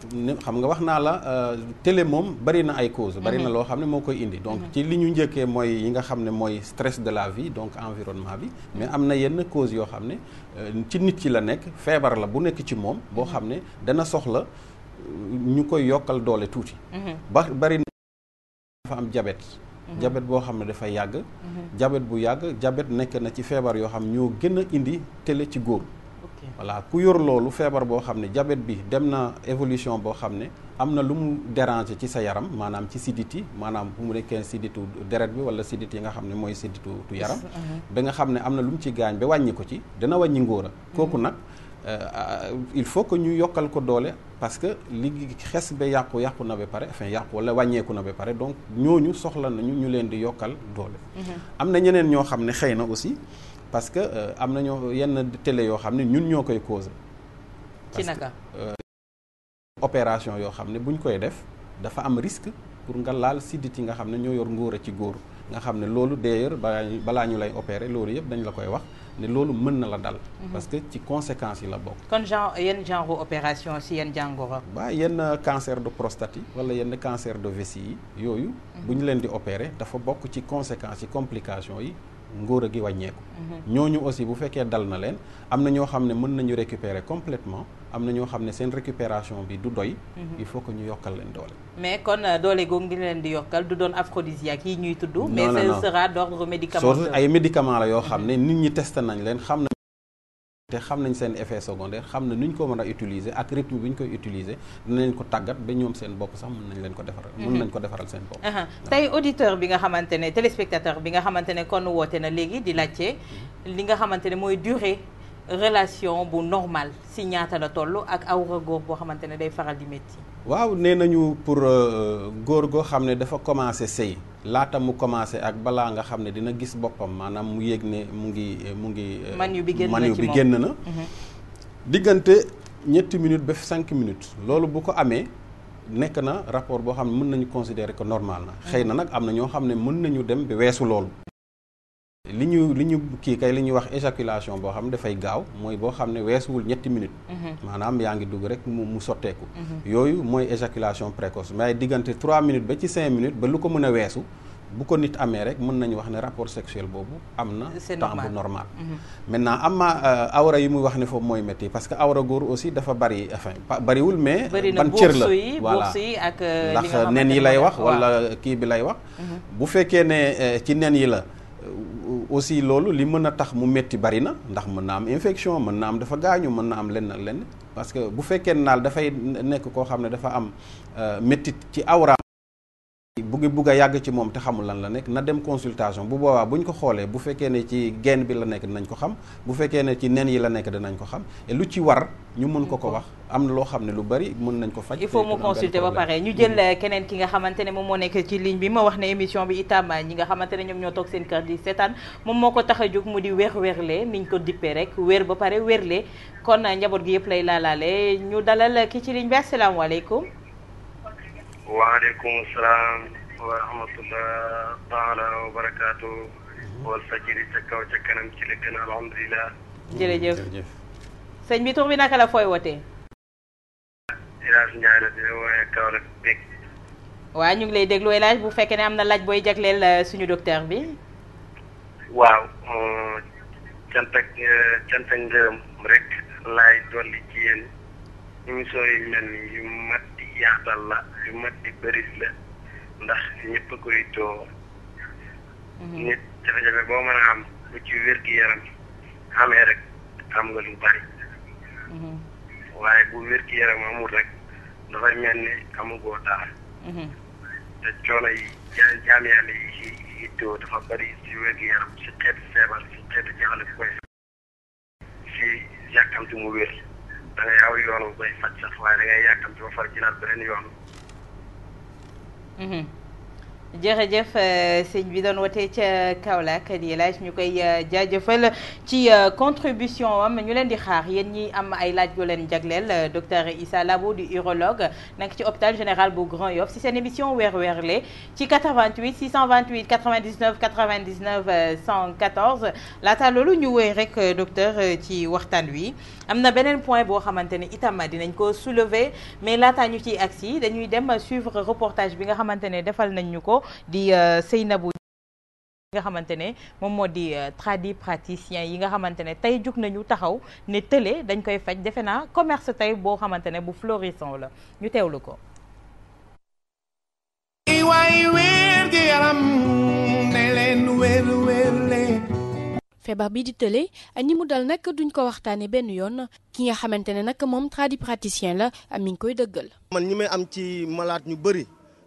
Speaker 3: xam nga wax naa la euh, tele moom bari na ay causes. bari na mhm. loo xam ne moo koy indi. donc mhm. ci li ñu njëkkee mooy yi nga xam ne mooy stress de la vie donc environnement bi. mais am na yenn causes yoo xam ne. Euh, ci nit ki la nekk feebar la bu nekk ci moom boo xam ne dana soxla euh, ñu koy yokkal doole tuuti mhm. ba bari dafa am jabet mhm. jabet boo xam ne dafa yàgg mhm. jabet bu yàgg jabet nekk na ci feebar yoo xam ñoo gën a indi télé ci góor voilà ku yor loolu feebar boo xam ne jabet bi dem na évolution boo xam ne am na lu mu déranger ci sa yaram maanaam ci sidit maanaam bu mu nekkee siditu deret bi wala sidit yi nga xam ne mooy siditu tu yaram uh-huh. ba nga xam ne am na lu mu ci gaañ ba wàññi ko ci dana wàññi ngóor mm-hmm. kooku nag euh, euh, il faut que ñu yokkal ko doole parce que li xes ba yàqu yàqu na ba pare enfin yàqu wala wàññeeku na ba pare donc ñooñu soxla nañu ñu leen di yokkal doole mm-hmm. am na ñeneen ñoo xam ne xëy na aussi parce que euh, am na ñoo yenn télé yoo xam ne ñun ñoo koy causé. ci naka euh, opération yoo xam ne buñ koy def dafa am risque pour nga laal siddit yi nga xam ne ñoo yor ngóor ci góor nga xam ne loolu d'ailleurs balaa ñu lay opérer loolu yëpp dañ la koy wax ne loolu mën na la dal. Mhm. parce que ci conséquence yi la bokk.
Speaker 2: kon genre yenn genre opération si yenn jàngoro.
Speaker 3: waaw yenn cancer de prostate yi wala yenn cancer de vessie yi yooyu. Mhm. bu ñu leen di opérer dafa bokk ci conséquence yi complications yi. ngóor gi wàññeeku. Mhm. ñooñu aussi bu fekkee dal na leen am na ñoo xam ne mën nañu récupérer complètement am na ñoo xam ne seen récupération bi du doy. Mhm. il faut que ñu yokkal leen doole.
Speaker 2: mais kon euh, doole googu ngi leen di yokkal du doon aphrodisiaque yi ñuy tudd. mais sera d'ordre médicamenteux.
Speaker 3: la yoo xam ne mhm. nit ñi testé nañ leen xam na te xam nañ seen effet secondaire xam na nu ko mën a utiliser ak rythme bi ñu koy utiliser dinañ ko tàggat ba ñoom seen bopp sax mun nañ leen ko defaral mën mhm. nañ ko defaral seen bopp
Speaker 2: tey auditeur bi nga xamante ne téléspectateur bi nga xamante ne kon woote na léegi di laajte mhm. li nga xamante ne mooy durée relation bu normal si ñaata la toll ak awra góor boo xamante ne day faral di métti
Speaker 3: waaw nee nañu pour euh, góor goo xam ne dafa commencé sëy laata mu commencé ak balaa nga xam ne dina gis boppam maanaam mu yéeg ne mu ngi mu ngi. Euh, man bi génn na man na. Mm-hmm. diggante ñetti minutes ba cinq minutes loolu bu ko amee. nekk na rapport boo xam ne mën nañu considérer que normal na mm-hmm. xëy na nag am na ñoo xam ne mën nañu dem ba weesu loolu li ñu li ñu kii kay li ñuy wax éjaculation boo xam ne dafay gaaw mooy boo xam ne weesuwul ñetti minutes. Mhm. maanaam yaa ngi dugg rek mu mu sotteeku. Mhm. yooyu mooy éjaculation précoce mais diggante 3 minutes ba ci 5 minutes ba lu ko mën a weesu. bu ko nit amee rek mën nañu wax ne rapport sexuel boobu am na temps bu normal mhm. maintenant am ma euh, awra yi muy wax ne foofu mooy métti parce que awra góor aussi dafa bari enfin bariwul mais euh, ban cër la voilà
Speaker 2: euh, ndax nen yi lay wax
Speaker 3: bi lay wax bu fekkee ne ci nen yi la aussi loolu li mën a tax mu métti bari na ndax mën na am infection mën na am dafa gaañu mën na am lenn ak lenn parce que bu fekkee naal dafay nekk koo xam ne dafa am euh, méttit ci awra bu ngi a yàgg ci moom te xamul lan la nekk na dem consultation bu boobaa bu ñu ko xoolee bu fekkee ne ci genn bi la nekk dinañ ko xam bu fekkee ne ci nen yi la nekk dinañ ko xam et lu ci war ñu mën ko ko wax am na loo xam ne lu bari mën nañ ko faj il faut mu consulter ba pare ñu jël euh,
Speaker 2: keneen ki nga xamante ne moom moo nekk ci ligne bi ma wax ne émission bi itam euh, ñi nga xamante ne ñoom ñoo toog seen kër seetaan moom moo ko tax a jóg mu di wér wérle niñ ko dippee rek
Speaker 6: waaleykum salaam wa rahmatullah taala wa wal fajiri ca kaw ca kanam ci la gën a alhamdulilah. jërëjëf jërëjëf.
Speaker 2: sëñ bi tur naka la fooy wootee.
Speaker 6: El Hadj Ndiaye la dina woowee Kaolack
Speaker 2: waaw ñu ngi lay déglu El Hadj bu fekkee ne am na laaj booy jagleel euh, suñu docteur bi.
Speaker 6: waaw euh, cant ak euh, cant ngërëm rek laay dolli ci yéen émission yu mel ni mat. yaatal la yu mat di bëris la ndax si ñëpp a koy too mhm. nit jafe-jafe boo mën a am bu ci wér-gi-yaram xamee rek am nga lu bari mhm. waaye bu wér-gi-yaram amul rek dafay mel ni amugoo dara mhm. te coono yi jaam yàlla yi yittoo dafa bari si wér-gi-yaram si xeetu feebar si xeetu jaxale bu koy si yàkkamti mu wér da ngay aw yoon bay faj sax waaye da ngay yàkkamti ba far jëlaat beneen yoon.
Speaker 2: Mm-hmm. jërëjëf euh, sëñ bi doon wootee ca Kaolack di laaj ñu koy euh, jaajëfal ci euh, contribution am ñu leen di xaar yéen ñi am ay laaj yoo leen jagleel docteur Issa Labo di urologue nekk ci hôpital général bu Grand Yoff si seen émission weer weerle ci 88 628 99 99 114 laata loolu ñu wéy rek docteur ci waxtaan wi am na beneen point boo xamante ne itam nañ ko soulever mais laata ñu ciy agsi dañuy dem suivre reportage bi nga xamante ne defal nañ ñu ko. ko di euh, Seynabou nga xamante ne moom moo di euh, tradipraticien yi nga xamante ne tey jug nañu taxaw ne télé dañ koy faj defe naa commerce tey boo xamante ne bu florissant la ñu teewlu ko
Speaker 4: feebar bi di tële ñi mu dal nag duñ ko waxtaanee benn yoon ki nga xamante ne nag moom tradipraticien la mi ngi koy dëggal.
Speaker 5: man ñi may am ci malaat ñu bëri.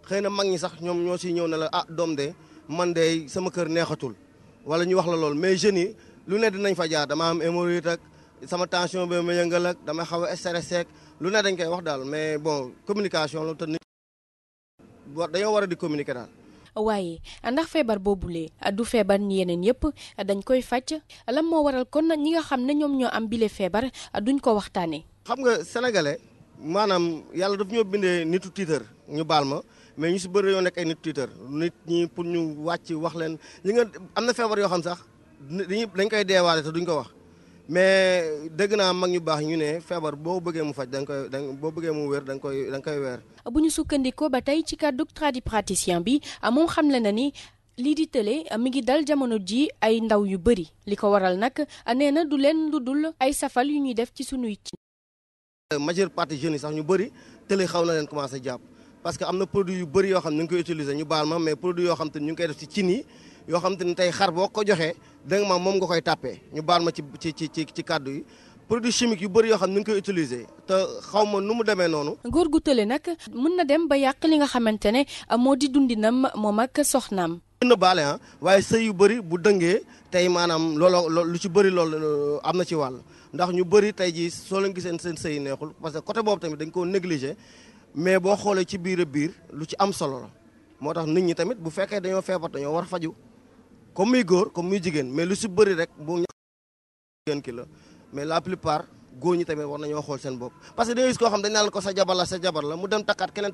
Speaker 5: xëy na mag ñi sax ñoom ñoo siy ñëw ne la ah doom de man de sama kër neexatul wala ñu wax la lool mais jeunes yi lu ne dinañ fa jaar dama am hémorroïde ak sama tension be ma yëngal ak dama xaw a stressé ak lu ne dañ koy wax daal mais bon communication la te nit dañoo war a di communiquer daal.
Speaker 4: waaye ndax feebar boobule du feebar yeneen yëpp dañ koy faj lan moo waral kon ñi nga xam ne ñoom ñoo am bile feebar duñ ko waxtaanee.
Speaker 5: xam nga sénégalais maanaam yàlla daf ñoo bindee nitu tiitër ñu baal ma. mais ñu si bëri yoo nekk ay nit Twitter nit ñi pour ñu wàcc wax leen li nga am na feebar yoo xam sax dañuy dañ koy deewaale te duñu ko wax mais dëgg naa mag ñu baax ñu ne feebar boo bëggee mu faj da nga koy da boo bëggee mu wér da koy dang nga koy weer.
Speaker 4: bu ñu sukkandikoo ba tey ci kàddu tradipraticien bi moom xamle na ni. lii di télé mi ngi dal jamono ji ay ndaw yu bëri li ko waral nag nee na du leen lu dul ay safal yu ñuy def ci sunuy ci
Speaker 5: majeure partie jeunes yi sax ñu bëri télé xaw na leen commencé jàpp parce que am na produit yu bëri yoo xam ne ñu ngi koy utiliser ñu baal ma mais produit yoo xam te ñu ngi koy def ci cin yi yoo xam te tey xar boo ko joxee dégg moom nga koy tàppee ñu baal ma ci ci ci ci kàddu yi produit yu bëri yoo xam ne ñu ngi koy utiliser te xaw ma nu mu demee noonu.
Speaker 4: góor gu nag mën na dem ba yàq li nga xamante ne moo di dundinam moom ak soxnaam.
Speaker 5: mën na baale ah waaye sëy yu bëri bu dëngee tey maanaam looloo lu ci bëri loolu am na ci wàll ndax ñu bëri tey jii soo leen gisee seen sëy neexul parce que côté boobu tamit dañ koo négliger mais boo xoolee ci biir biir lu ci am solo la moo tax nit ñi tamit bu fekkee dañoo feebar dañoo war faju comme góor comme jigéen mais lu si bëri rek bu ñàkk jigéen mais la góor ñi tamit war nañoo xool seen bopp parce que dañoo gis xam dañ naan ko sa jabar sa jabar la mu dem takkaat keneen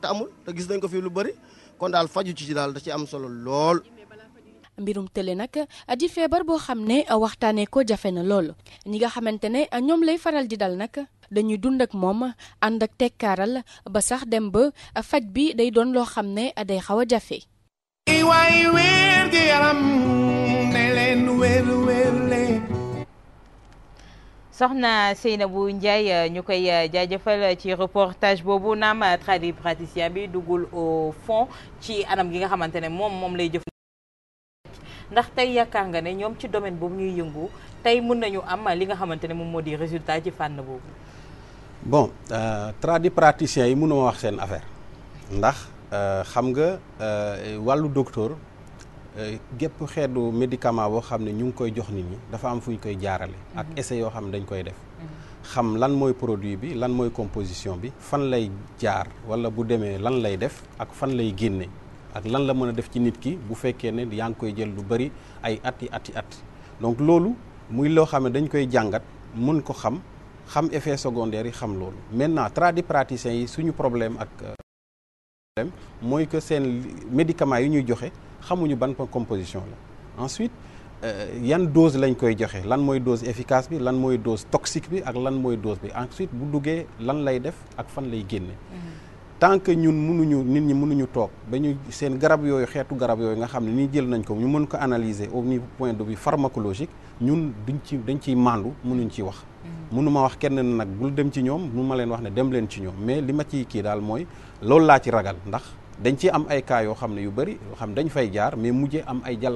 Speaker 5: gis nañ ko fii lu bëri kon daal faju ci daal da ci am solo lool.
Speaker 4: mbirum télé nag di feebar boo xam ne a waxtaanee ko jafe na lool ñi nga xamante ne ñoom lay faral di dal nag. dañuy dund ak moom ànd ak tekkaaral ba sax dem ba faj bi day doon loo xam ne day xaw a jafe.
Speaker 2: soxna bu njaay ñu koy jaajëfal ci reportage boobu naam tradipraticien bi duggul au fond ci anam gi nga xamante ne moom moom lay jëf ndax nga ne ñoom ci domaine boobu ñuy yëngu tey mën nañu am li xamante ne moom moo di résultat ci fànn boobu
Speaker 3: bon euh, tradipraticiens yi mënuma wax seen affaire ndax euh, xam nga euh, wàllu docteur gépp xeetu médicament boo xam ne ñu ngi koy jox nit ñi dafa am fu ñu koy jaarale. ak mhm. essai yoo xam ne dañ koy def. Mhm. xam lan mooy produit bi lan mooy composition bi fan lay jaar wala bu demee lan lay def ak fan lay génne ak lan la mën a def ci nit ki bu fekkee ne yaa ngi koy jël lu bari ay at yi at yi at donc loolu muy loo xam ne dañ koy jàngat mën ko xam. xam effet secondaire yi xam loolu maintenant tradipraticiens yi suñu problème ak euh, problème mooy que seen médicaments yi ñuy joxe xamuñu ban composition la ensuite euh, yan dose lañ koy joxe lan mooy dose efficace bi lan mooy dose toxique bi ak lan mooy dose bi ensuite bu duggee lan lay def ak fan lay génne mm-hmm. tant que ñun munuñu nit ñi mënuñu toog ba seen garab yooyu xeetu garab yooyu nga xam ne ni jël nañ ko ñu mën ko analyser au point de vue pharmacologique ñun duñ ci dañ ciy màndu mënuñ ciy wax Mm. mënuma wax kenn ne nag bul dem ci ñoom mënuma leen wax ne dem leen ci ñoom mais li ma ci kii daal mooy loolu laa ci ragal ndax dañ ci am ay cas yoo xam ne yu bari yoo xam dañ fay jaar mais mujjee am ay jàll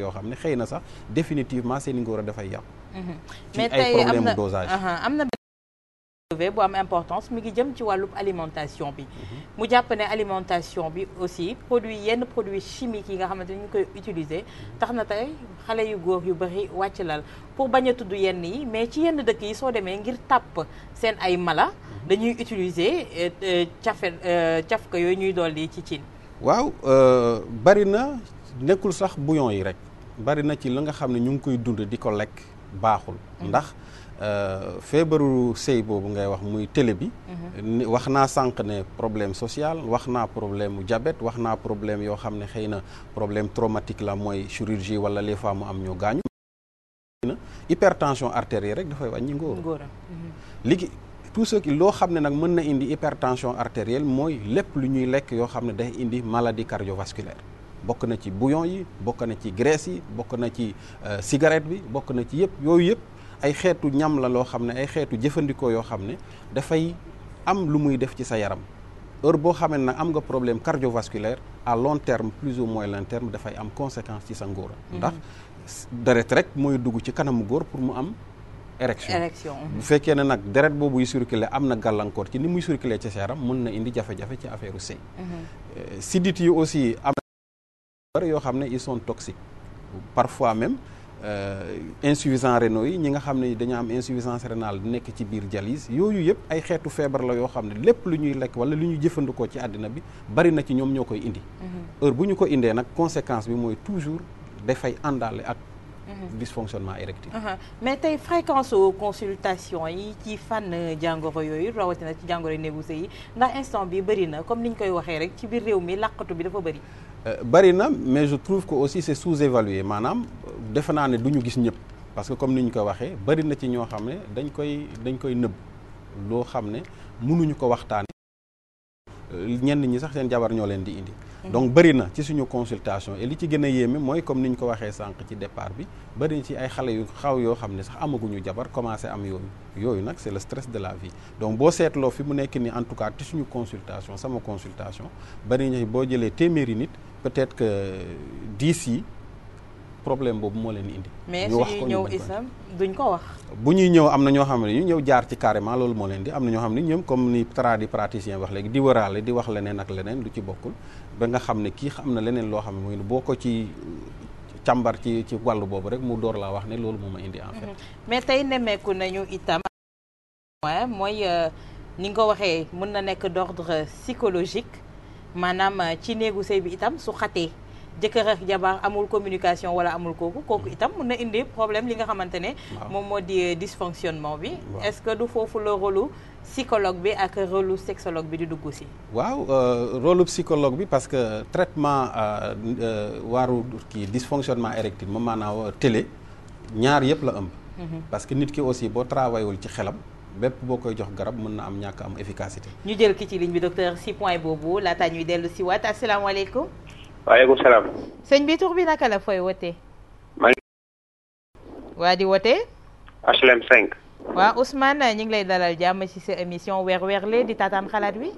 Speaker 3: yoo xam ne xëy na sax définitivement seen ngóor a dafay yàqu.
Speaker 2: Mm-hmm. ci ay problème dosage bu am importance mi ngi jëm ci wàllub alimentation bi mhm. mu jàpp ne alimentation bi aussi produit yenn produit chimique yi nga xamante ni ñu koy utiliser mhm. tax na tey xale yu góor yu bëri wàcc lal pour bañ a tudd yenn yi mais ci yenn dëkk yi soo demee ngir tàpp seen ay mala mhm. dañuy utiliser euh, euh, cafe euh, cafka yooyu ñuy dolli ci cin
Speaker 3: waaw bari na nekkul sax bouillon yi rek bari na ci la nga xam ne ñu ngi koy dund di ko lekk baaxul ndax Euh, feebaru sëy boobu ngay wax muy télé bi. Mhm. wax naa sànq ne problème social wax naa problème mu diabète wax naa problème yoo xam ne xëy na problème traumatique la mooy chirurgie wala les femmes mu am ñoo gaañu. hypertension artérielle rek dafay wàññi ngóor. Mhm. léegi tout ce loo xam ne nag mën na indi hypertension artérielle mooy lépp lu ñuy lekk yoo xam ne day indi maladie cardiovasculaire. bokk na ci bouillon yi bokk na ci graisse yi bokk na ci euh, cigarette bi bokk na ci yëpp yooyu yëpp. ay xeetu ñam la loo xam ne ay xeetu jëfandikoo yoo xam ne dafay am lu muy def ci sa yaram heure boo xamee ne am nga problème cardiovasculaire à long terme plus ou moins long terme dafay am conséquence ci sa ngóor mm-hmm. ndax deret rek mooy dugg ci kanamu góor pour mu am
Speaker 2: érection bu
Speaker 3: fekkee ne nag deret boobuy surculer am na gàllankoor ci ni muy surculer ci sa yaram mën na indi jafe-jafe ci affaire u sëy mm-hmm. euh, sidit yi aussi am yoo xam ne ils sont toxiques parfois même Euh, insuffisant rénaux yi ñi nga xam ne dañu am insuffisance rénale nekk ci biir jalis yooyu yëpp ay xeetu feebar la yoo xam ne lépp lu ñuy lekk wala lu ñuy jëfandikoo ci àddina bi barina ci ñoom ñoo koy indi mhm. heure bu ñu ko indee nag conséquence bi mooy toujours dafay àndaale ak Mhm. dysfonctionnement érectile.
Speaker 2: mais tey fréquence consultation yi ci fànn jàngoro yooyu rawatina ci jàngoro néegu sëy yi ndax instant bi bëri na comme ni ñu koy waxee rek ci biir réew mi làqatu bi dafa bëri.
Speaker 3: Euh, bëri na mais je trouve que aussi c'est sous-évalué maanaam euh, defe naa ne du ñu gis ñëpp parce que comme ni ñu koy waxee bëri na ci ñoo xam ne dañ koy dañ koy nëbb loo xam ne mënuñu ko waxtaane euh, ñenn ñi sax seen jabar ñoo leen di indi. donc bëri na ci suñu consultation et li ci gën a yéeme mooy comme ni ñu ko waxee sànq ci départ bi bëri ci ay xale yu xaw yoo xam ne sax amaguñu jabar commencé am yooyu yooyu nag c'est le stress de la vie donc boo seetloo fi mu nekk ni en tout cas ci suñu consultation sama consultation bëri na boo jëlee téeméeri nit peut-être que dix yi problème boobu moo leen indi. mais wax ko ñëw isam duñ ko wax. bu ñuy ñëw am na ñoo xam ne ñu ñëw jaar ci carrément loolu moo leen di am na ñoo xam ne ñoom comme ni tradi praticien wax léegi di wëraale di wax leneen ak leneen lu ci bokkul ba nga xam ne kii am na leneen loo xam ne mooy boo ko ci càmbar ci ci wàllu boobu rek mu door laa wax ne loolu moom a indi. en
Speaker 2: fait mhm. mais tey nemmeeku nañu itam. mooy euh, ni nga ko waxee mën na nekk d'ordre psychologique maanaam euh, ci néegu sëy bi itam su xatee. jëkkër ak jabar amul communication wala amul kooku kooku itam mun na indi problème li nga xamante ne moom moo di euh, dysfonctionnement bi est-ce que du foofu la rôlu psychologue bi ak rôlu sexologue bi di dugg si
Speaker 3: waaw euh, rôlu psychologue bi parce que traitement euh, waaru kii dysfonctionnement érectile moom maanaam télé ñaar yëpp la ëmb mhm. parce que nit ki aussi boo travaayul ci xelam bépp boo koy jox garab mën na am ñàkk am efficacité
Speaker 2: ñu jël ki ci ligne bi docteur point boobu laataa ñuy dellu si waat asalaamaaleykum waaleykum salaam. sëñ bi tur bi naka la fooy wootee. man. waa di wootee.
Speaker 6: HLM 5.
Speaker 2: waaw ñu ngi lay dalal jàmm ci sa émission weer weerle di taataan xalaat wi.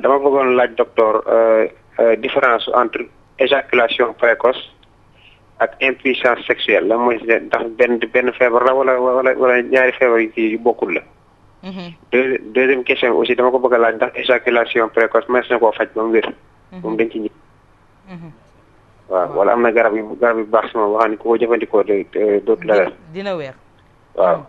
Speaker 6: dama bëggoon laaj docteur euh, euh, différence entre éjaculation précoce ak impuissance sexuelle la mooy ndax benn benn feebar la wala wala wala ñaari feebar yu kii yu bokkul la. Mhm. deuxième question bi aussi dama ko bëgg laaj ndax éjaculation précoce mën na koo faj ba mu wér. Mhm. moom dañ ci ñëw. waaw wala am na garab yu garab yu baax si moom waxaan jëfandikoo de dootu la
Speaker 2: dina wér waaw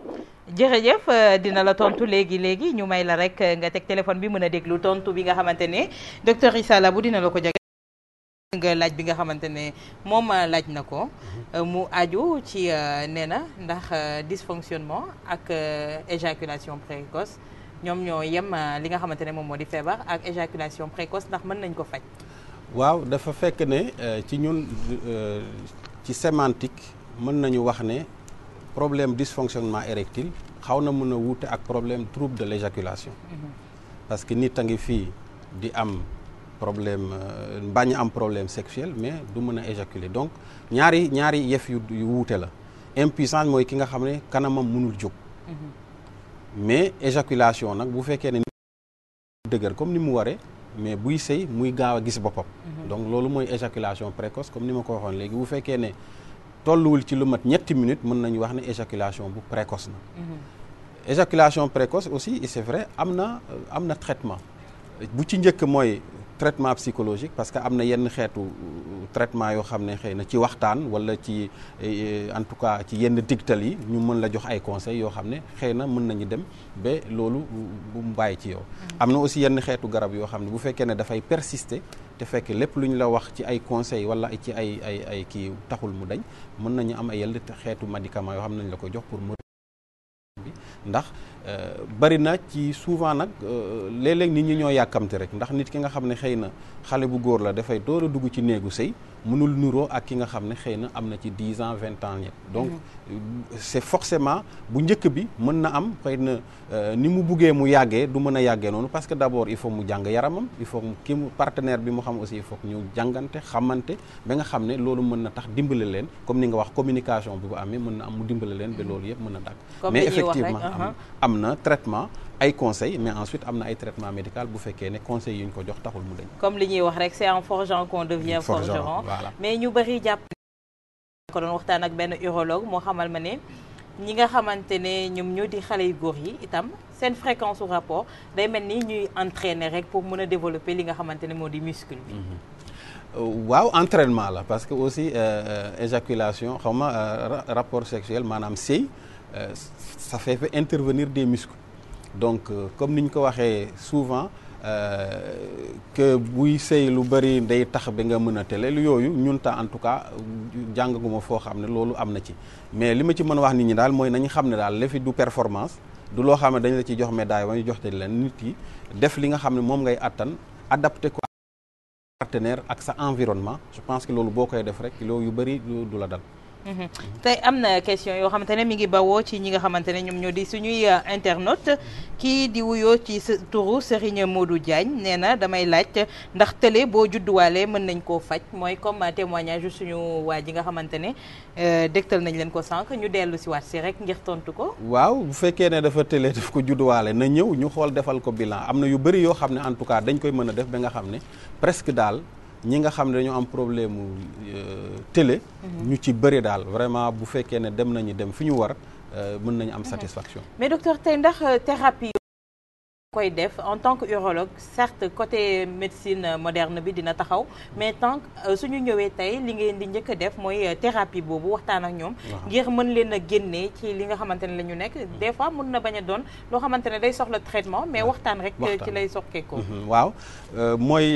Speaker 2: jërëjëf dina la tontu léegi léegi ñu may la rek nga teg téléphone bi mën a déglu tontu bi nga xamante ne docteur Issa Labou dina la ko jagleel nga laaj bi nga xamante ne moom laaj na ko mhm. mu aju ci nee na ndax dysfonctionnement ak éjaculation précoce ñoom ñoo yem li nga xamante ne moom moo di feebar ak éjaculation précoce ndax mën nañ ko faj.
Speaker 3: waaw dafa fekk ne euh, ci ñun euh, ci sémantique mën nañu wax ne problème dysfonctionnement érectile xaw na mun a wuute ak problème trouble de l'éjaculation
Speaker 9: mm-hmm.
Speaker 3: parce que nit a ngi fii di am problème euh, bañ am problème sexuel mais du mën a éjaculer donc ñaari ñaari yëf yu yu wuute la impuissance mooy ki nga xam ne kanamam mënul jóg
Speaker 1: mm-hmm.
Speaker 3: mais éjaculation nag bu fekkee ne dëgër comme ni mu waree mais buy sëy muy gaaw a gis boppam. Mhm. donc loolu mooy éjaculation précoce comme ni ma ko waxoon léegi bu fekkee ne tolluwul ci lu mat ñetti minutes mën nañu wax ne éjaculation bu précoce na. Mhm. éjaculation précoce aussi et c'est vrai am na euh, am na traitement bu ci njëkk mooy traitement psychologique parce que am na yenn xeetu euh, traitement yoo xam ne xëy na ci waxtaan wala ci en tout cas ci yenn digtal yi ñu mën la jox ay conseils yoo xam ne xëy na mën nañu dem ba loolu bu mu bàyyi ci yow. Mm-hmm. am na aussi yenn xeetu garab yoo xam ne bu fekkee ne dafay persister te fekk lépp lu ñu la wax ci ay conseils wala ci ay ay kii taxul mu dañ mën nañu am ay yenn xeetu médicament yoo xam nañ la ko jox pour mu. bi ndax euh, bari na ci souvent nag euh, léeg-léeg nit ñi ñoo yàkkamte rek ndax nit ki nga xam ne xëy na xale bu góor la dafay door a dugg ci néegu sëy mënul nuroo ak ki nga xam ne xëy na am na ci 10 ans 20 ans yëpp donc mhm. c'est forcément bu njëkk bi mën na am xëy na euh, ni mu buggee mu yàggee du mën a yàggee noonu parce que d'abord il faut mu jàng yaramam il faut ki mu partenaire bi mu xam aussi il faut ñu jàngante xamante ba nga xam ne loolu mën na tax dimbale leen comme ni nga wax communication bi bu amee mën na am mu dimbale leen ba loolu yëpp mën na dàkk mais effectivement am uh-huh. am na traitement ay conseil mais ensuite am na ay traitement médical bu fekkee ne conseil yi ko jox taxul mu
Speaker 2: comme li ñuy wax rek c'est en forgeant kon doon waxtaan ak benn urologue moo xamal ma ne ñi nga xamante ne ñoom ñoo di xale yu góor yi itam seen fréquence su rapport day mel ni ñuy entraîner rek pour mën a développer li nga xamante ne moo di muscle bi. Mhm.
Speaker 3: Euh, waaw entraînement la parce que aussi euh, euh éjaculation xawma ma euh, rapport sexuel maanaam sëy ça fait intervenir de muscles donc comme niñ ko waxee souvent. Euh, que buy sëy lu bari day tax ba nga mën a télé yooyu ñun ta en tout cas jàngaguma foo xam ne loolu am na ci mais li ma ci mën wax nit ñi daal mooy nañu xam ne daal léfi du performance du loo xam ne dañu la ci jox médaille wala ñu jox te leen nit yi def li nga xam ne moom ngay attan adapté ko partenaire ak sa environnement je pense que loolu boo koy def rek loolu yu bëri du la dal
Speaker 2: Mhm. tey am na question yoo xamante ne mi ngi bawoo ci ñi nga xamante ne ñoom ñoo di suñuy euh, internet kii di wuyoo ci turu Serigne Modou jaañ nee na damay laaj ndax télé boo judduwaalee mën nañ koo faj mooy comme témoignage suñu waa ji nga xamante ne euh, dégtal nañ leen ko sànq ñu dellu si waat si rek ngir tontu ko.
Speaker 3: waaw bu fekkee ne dafa télé daf ko judduwaale na ñëw ñu xool defal ko bilan am na yu bëri yoo xam ne en tout cas dañ koy mën a def ba nga xam ne presque daal ñi nga xam ne dañoo am problème mu euh, télé. Mhm. ñu ci bëri daal vraiment bu fekkee ne dem nañu dem fi ñu war euh, mën nañu am mhm. satisfaction.
Speaker 2: mais docteur tey ndax euh, thérapie. koy def en tant que urologue certes côté médecine moderne bi dina taxaw mais tant euh, suñu ñëwee tey li ngeen di njëkk a def mooy euh, thérapie boobu waxtaan ak ñoom ngir mën leen a génnee ci li nga xamante ne la nekk mm-hmm. des fois mën na bañ a doon loo xamante ne day soxla traitement mais waxtaan rek euh, ci lay soqeekoo mm-hmm.
Speaker 3: waaw mooy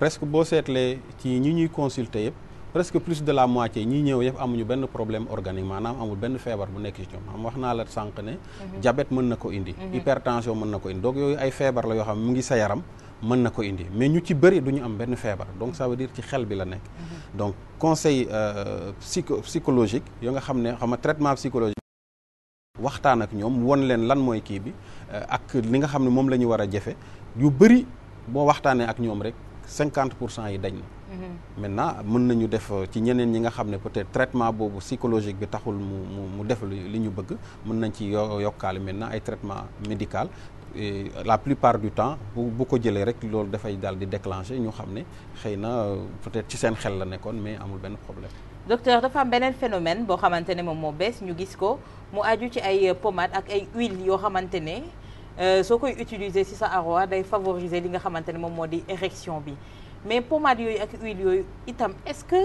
Speaker 3: presque boo seetlee ci ñi ñuy consulter yëpp presque plus de la moitié ñi ñëw yëpp amuñu benn problème organique maanaam amul benn feebar bu nekk ci ñoom xam wax naa la sànq ne mhm. diabète mën na ko indi mhm. hypertension mën na ko indi donc yooyu ay feebar la yoo xam ne mu ngi sa yaram mën na ko indi mais ñu ci bëri du ñu am benn feebar donc ça veut dire ci xel bi la nekk mhm. donc conseil euh, psycho psychologique yoo nga xam ne xam nga traitement psychologique waxtaan ak ñoom won leen lan mooy kii bi euh, ak li nga xam ne moom la ñu war a jëfe yu bëri boo waxtaanee ak ñoom rek cinquante pour cent yi dañ maintenant mën nañu def euh, ci ñeneen ñi nga xam ne peut-être traitement boobu psychologique bi taxul mu mu mu def li ñu bëgg mun nañ ci yokkaale maintenant ay traitement médical Et la plupart du temps bu bu ko jëlee rek loolu dafay daal di déclencher ñu xam ne xëy na euh, peut-être ci seen xel la nekkoon mais amul benn problème.
Speaker 2: docteur dafa am beneen phénomène boo xamante ne moom moo bees ñu gis ko mu aju ci ay euh, pommades ak ay huiles yoo xamante ne soo koy utiliser ci sa arroir day favoriser li nga xamante ne moom moo di érection bi. mais pommade yooyu ak huile yooyu itam est-ce que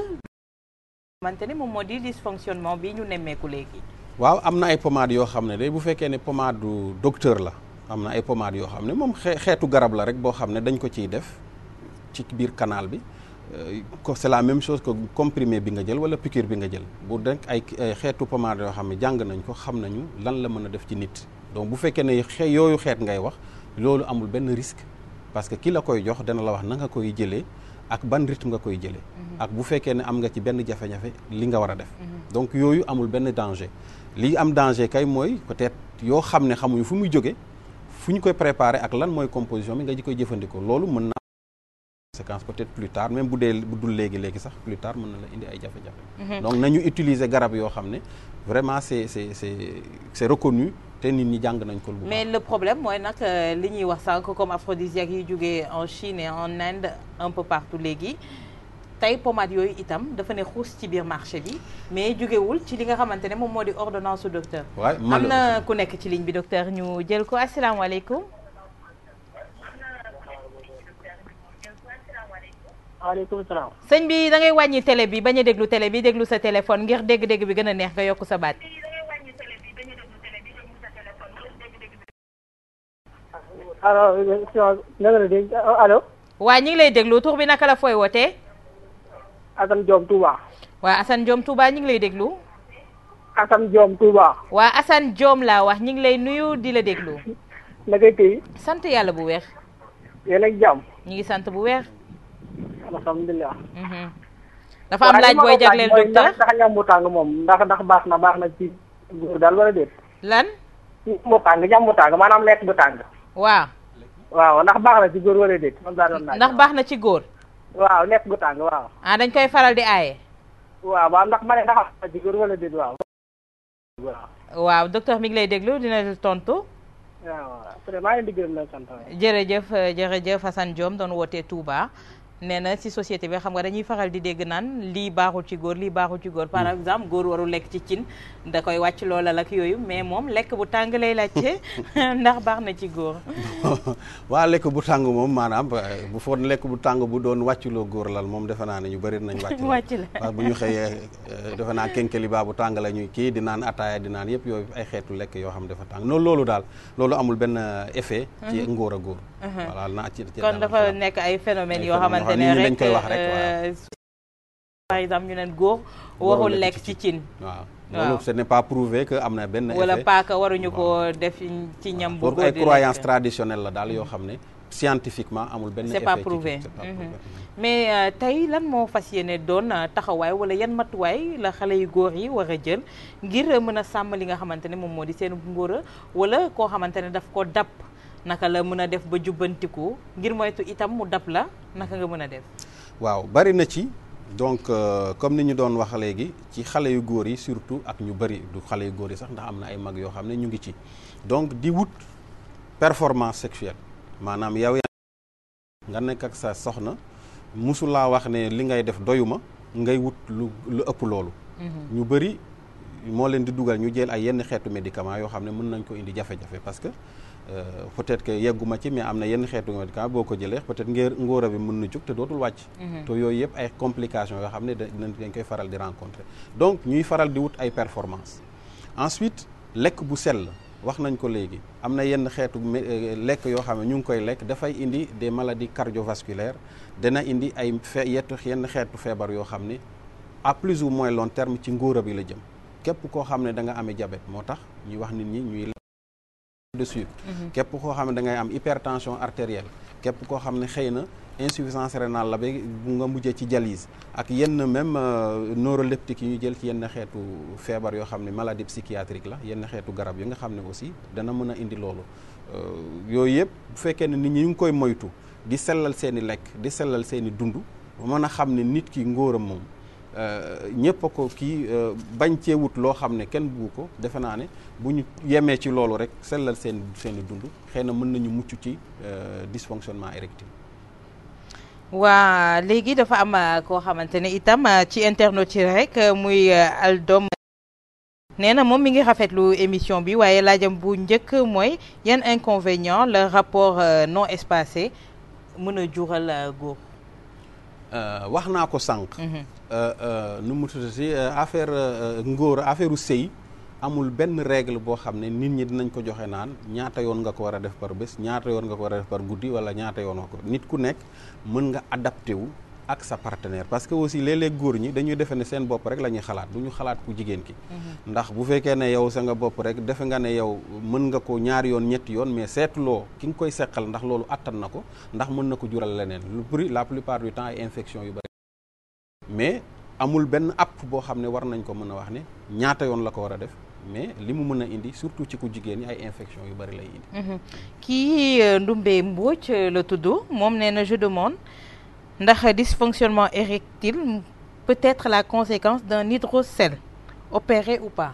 Speaker 2: xamante ne moom moo di dysfonctionnement bi ñu nemmeeku léegi
Speaker 3: waaw am na ay pommade yoo xam ne day bu fekkee ne pommade du docteur la am na ay pommade yoo xam ne moom xeetu garab la rek boo xam ne dañ ko ciy def ci biir kanaal bi euh, c'est la même chose ko comprimé bi nga jël wala piqûre bi nga jël bu denk ay xeetu pommade yoo xam ne jàng nañ ko xam nañu lan la mën a def ci nit donc bu fekkee ne yooyu xeet ngay wax loolu amul benn risque parce que ki la koy jox dana la wax na nga koy jëlee ak ban rythme nga koy jëlee. Mhm. ak bu fekkee ne am nga ci benn jafe-jafe li nga war def. Mhm. donc yooyu amul benn danger li am danger kay mooy peut yoo xam ne xamuñu fu muy jóge fu ñu koy préparer ak lan mooy composition bi nga ji koy jëfandikoo loolu mën na conséquence peut-être plus tard même bu dee bu dul léegi léegi sax plus tard mën na la indi ay jafe-jafe. Mhm. donc nañu utiliser garab yoo xam ne vraiment c'est c'est c'est c'est reconnu te nit ñi jàng nañ ko lu
Speaker 2: mais le problème mooy nag euh, li ñuy wax sànq comme aphrodisiaque yi jógee en Chine et en Inde un peu partout léegi tey pommade yooyu itam dafa ne xuus ci biir marché bi mais jógewul ci li nga xamante ne moom moo di ordonnance su docteur man na ku nekk ci ligne bi docteur ñu jël ko asalaamaaleykum waaleykum salaam. sëñ bi da ngay wàññi télé bi bañ a déglu bi déglu sa téléphone ngir dégg-dégg bi gën a neex nga yokk sa baat. waa ñu ngi lay déglu tur bi naka la fooy wootee. Assane Diom Touba. waa Assane Diom Touba ñu ngi lay déglu. Assane Diom Touba. waa Assane Diom laa wax ñu ngi lay nuyu di la déglu. na koy sant yàlla bu weex. yéen ak jàmm. ñu ngi sant bu weex. alhamdulilah. Mm-hmm. dafa am laaj booy jagleel docteur ndax ñam bu tàng moom ndax ndax baax na baax na ci góor daal wala déet. lan. ñam bu tàng ñam bu tàng maanaam lekk bu tàng. waaw. waaw ndax baax na ci góor wala déet. ndax baax na ci góor. waaw lekk bu tàng waaw. ah dañ koy faral di aaye. waaw waaw ndax ma ne ndax baax na ci góor wala déet waaw. waaw docteur mi ngi lay déglu dina tontu. waaw jërëjëf jërëjëf Assane Diom doon wootee Touba. nee na ci société bi xam nga dañuy faxal di dégg naan lii baaxul ci góor lii baaxul ci góor par mm. exemple góor warul lekk ci cin da koy wàcc loola ak yooyu mais moom lekk bu tàng lay laajte (laughs) ndax baax na ci góor
Speaker 3: (laughs) waa lekk bu tàng moom maanaam eh, bu foot lekk bu tàng bu doon wàcculoo góor lal moom defe naa ne ñu bëri nañ wàcc (laughs)
Speaker 2: wàcc la bu ñu
Speaker 3: xëyee eh, defe naa kénkeli baa bu tàng la kii di naan ataaya di naan yëpp yooyu ay xeetu lekk yoo xam dafa tàng noonu loolu daal loolu amul benn effet mm-hmm. ci ngóor a góor
Speaker 2: Uh-huh. voilà naa ci kon dafa nekk ay phénomènes yoo xamante ne rek dañ koy wax rek euh, par exemple ñu neen góor lekk ci cin waaw
Speaker 3: loolu ce pas prouvé que am na benn effet wala
Speaker 2: paaka waruñu ko def ci ñam bu ay croyance
Speaker 3: traditionnelle la daal yoo xam ne scientifiquement amul benn effet c'est pas mhm. prouvé mhm.
Speaker 2: mais euh, tey lan moo fas yéene doon euh, taxawaay wala yan matuwaay la xale yu góor yi war a jël ngir mën a sàmm li nga xamante ne moom moo di seen ngóora wala koo xamante ne daf ko dàpp naka la mën a def ba jubbantiku ngir moytu itam mu dab la naka nga mën a def.
Speaker 3: waaw bari na ci donc euh, comme ni ñu doon wax léegi ci xale yu góor yi surtout ak ñu bari du xale yu góor yi sax ndax am na ay mag yoo xam ne ñu ngi ci donc di wut performance sexuelle maanaam yow nga nekk ak sa soxna musulaa wax ne li ngay def doyuma ngay wut lu lu ëpp loolu. Mhm. ñu bari moo leen di dugal ñu jël ay yenn xeetu médicament yoo xam ne mën nañ ko indi jafe-jafe parce que euh, peut-être que yegguma ci mais am na yenn xeetu médicament boo ko jëlee peut-être ngéer ngóora bi mën na jug te dootul wàcc mm-hmm. te yooyu yëpp ay complications yoo xam ne dañ koy faral di rencontrer donc ñuy faral di wut ay performance ensuite lekk bu sell wax nañ ko léegi am na yenn xeetu euh, lekk yoo xam ne ñu ngi koy lekk dafay indi des maladies cardiovasculaires dana indi ay fe yenn xeetu feebar yoo xam ne à plus ou ci ngóora bi la jëm képp koo xam ne da nga amee diabète moo tax ñuy wax nit ñi ñuy de mhm. képp koo xam ne da ngay am hypertension artérielle képp koo xam ne xëy na insuffisance rénale la ba bu nga mujjee ci dialyse ak yenn même euh, neuroleptique yi ñu jël ci yenn xeetu feebar yoo xam ne maladie psychiatrique la yenn xeetu garab yi nga xam ne aussi dana mën a indi loolu euh, yooyu yëpp bu fekkee ne nit ñi ñu ngi koy moytu di sellal seeni lekk di sellal seeni i mën a xam ne nit ki ngóoram moom Euh, ñëpp ko kii euh, bañ cee wut loo xam ne kenn bugg ko defe naa ne bu ñu yemee ci loolu rek sellal seen seen i dund xëy na mën nañu mucc ci euh, dysfonctionnement érectile.
Speaker 2: waa léegi dafa am koo xamante ne itam ci internet yi rek muy aldom nee na moom mi ngi rafetlu émission bi waaye laajam bu njëkk mooy yan inconvénient la rapport non espacé mën a jural góor. wax naa ko sànq. Mhm.
Speaker 3: Euh, euh, nu mu tuddati euh, affaire ngóor affaire u sëy amul benn règle boo xam ne nit ñi dinañ ko joxe naan ñaata yoon nga ko war a def par bés ñaata yoon nga ko war a def par guddi wala ñaata yoon nga ko nit ku nekk mën nga adapté wu ak sa partenaire parce que aussi léeg-léeg góor ñi dañuy defe ne seen bopp rek la ñuy xalaat du ñu xalaat ku jigéen ki mm-hmm. ndax bu fekkee ne yow sa nga bopp rek defe nga ne yow mën nga ko ñaari yoon ñetti yoon mais seetuloo ki nga koy seqal attan na ko ndax mën na ko jural leneen lu bëri la plupart du mais amul benn app boo xam ne war nañ ko mën a wax ne ñaata yoon la ko war a def mais li mu mën a indi surtout ci ku jigéen ñi ay infection yu bari lay indi.
Speaker 2: Mhm. kii euh, Ndumbe Mbodj euh, la tudd moom nee na de demande ndax dysfonctionnement érectile peut être la conséquence d'un hydrocèle opéré ou pas.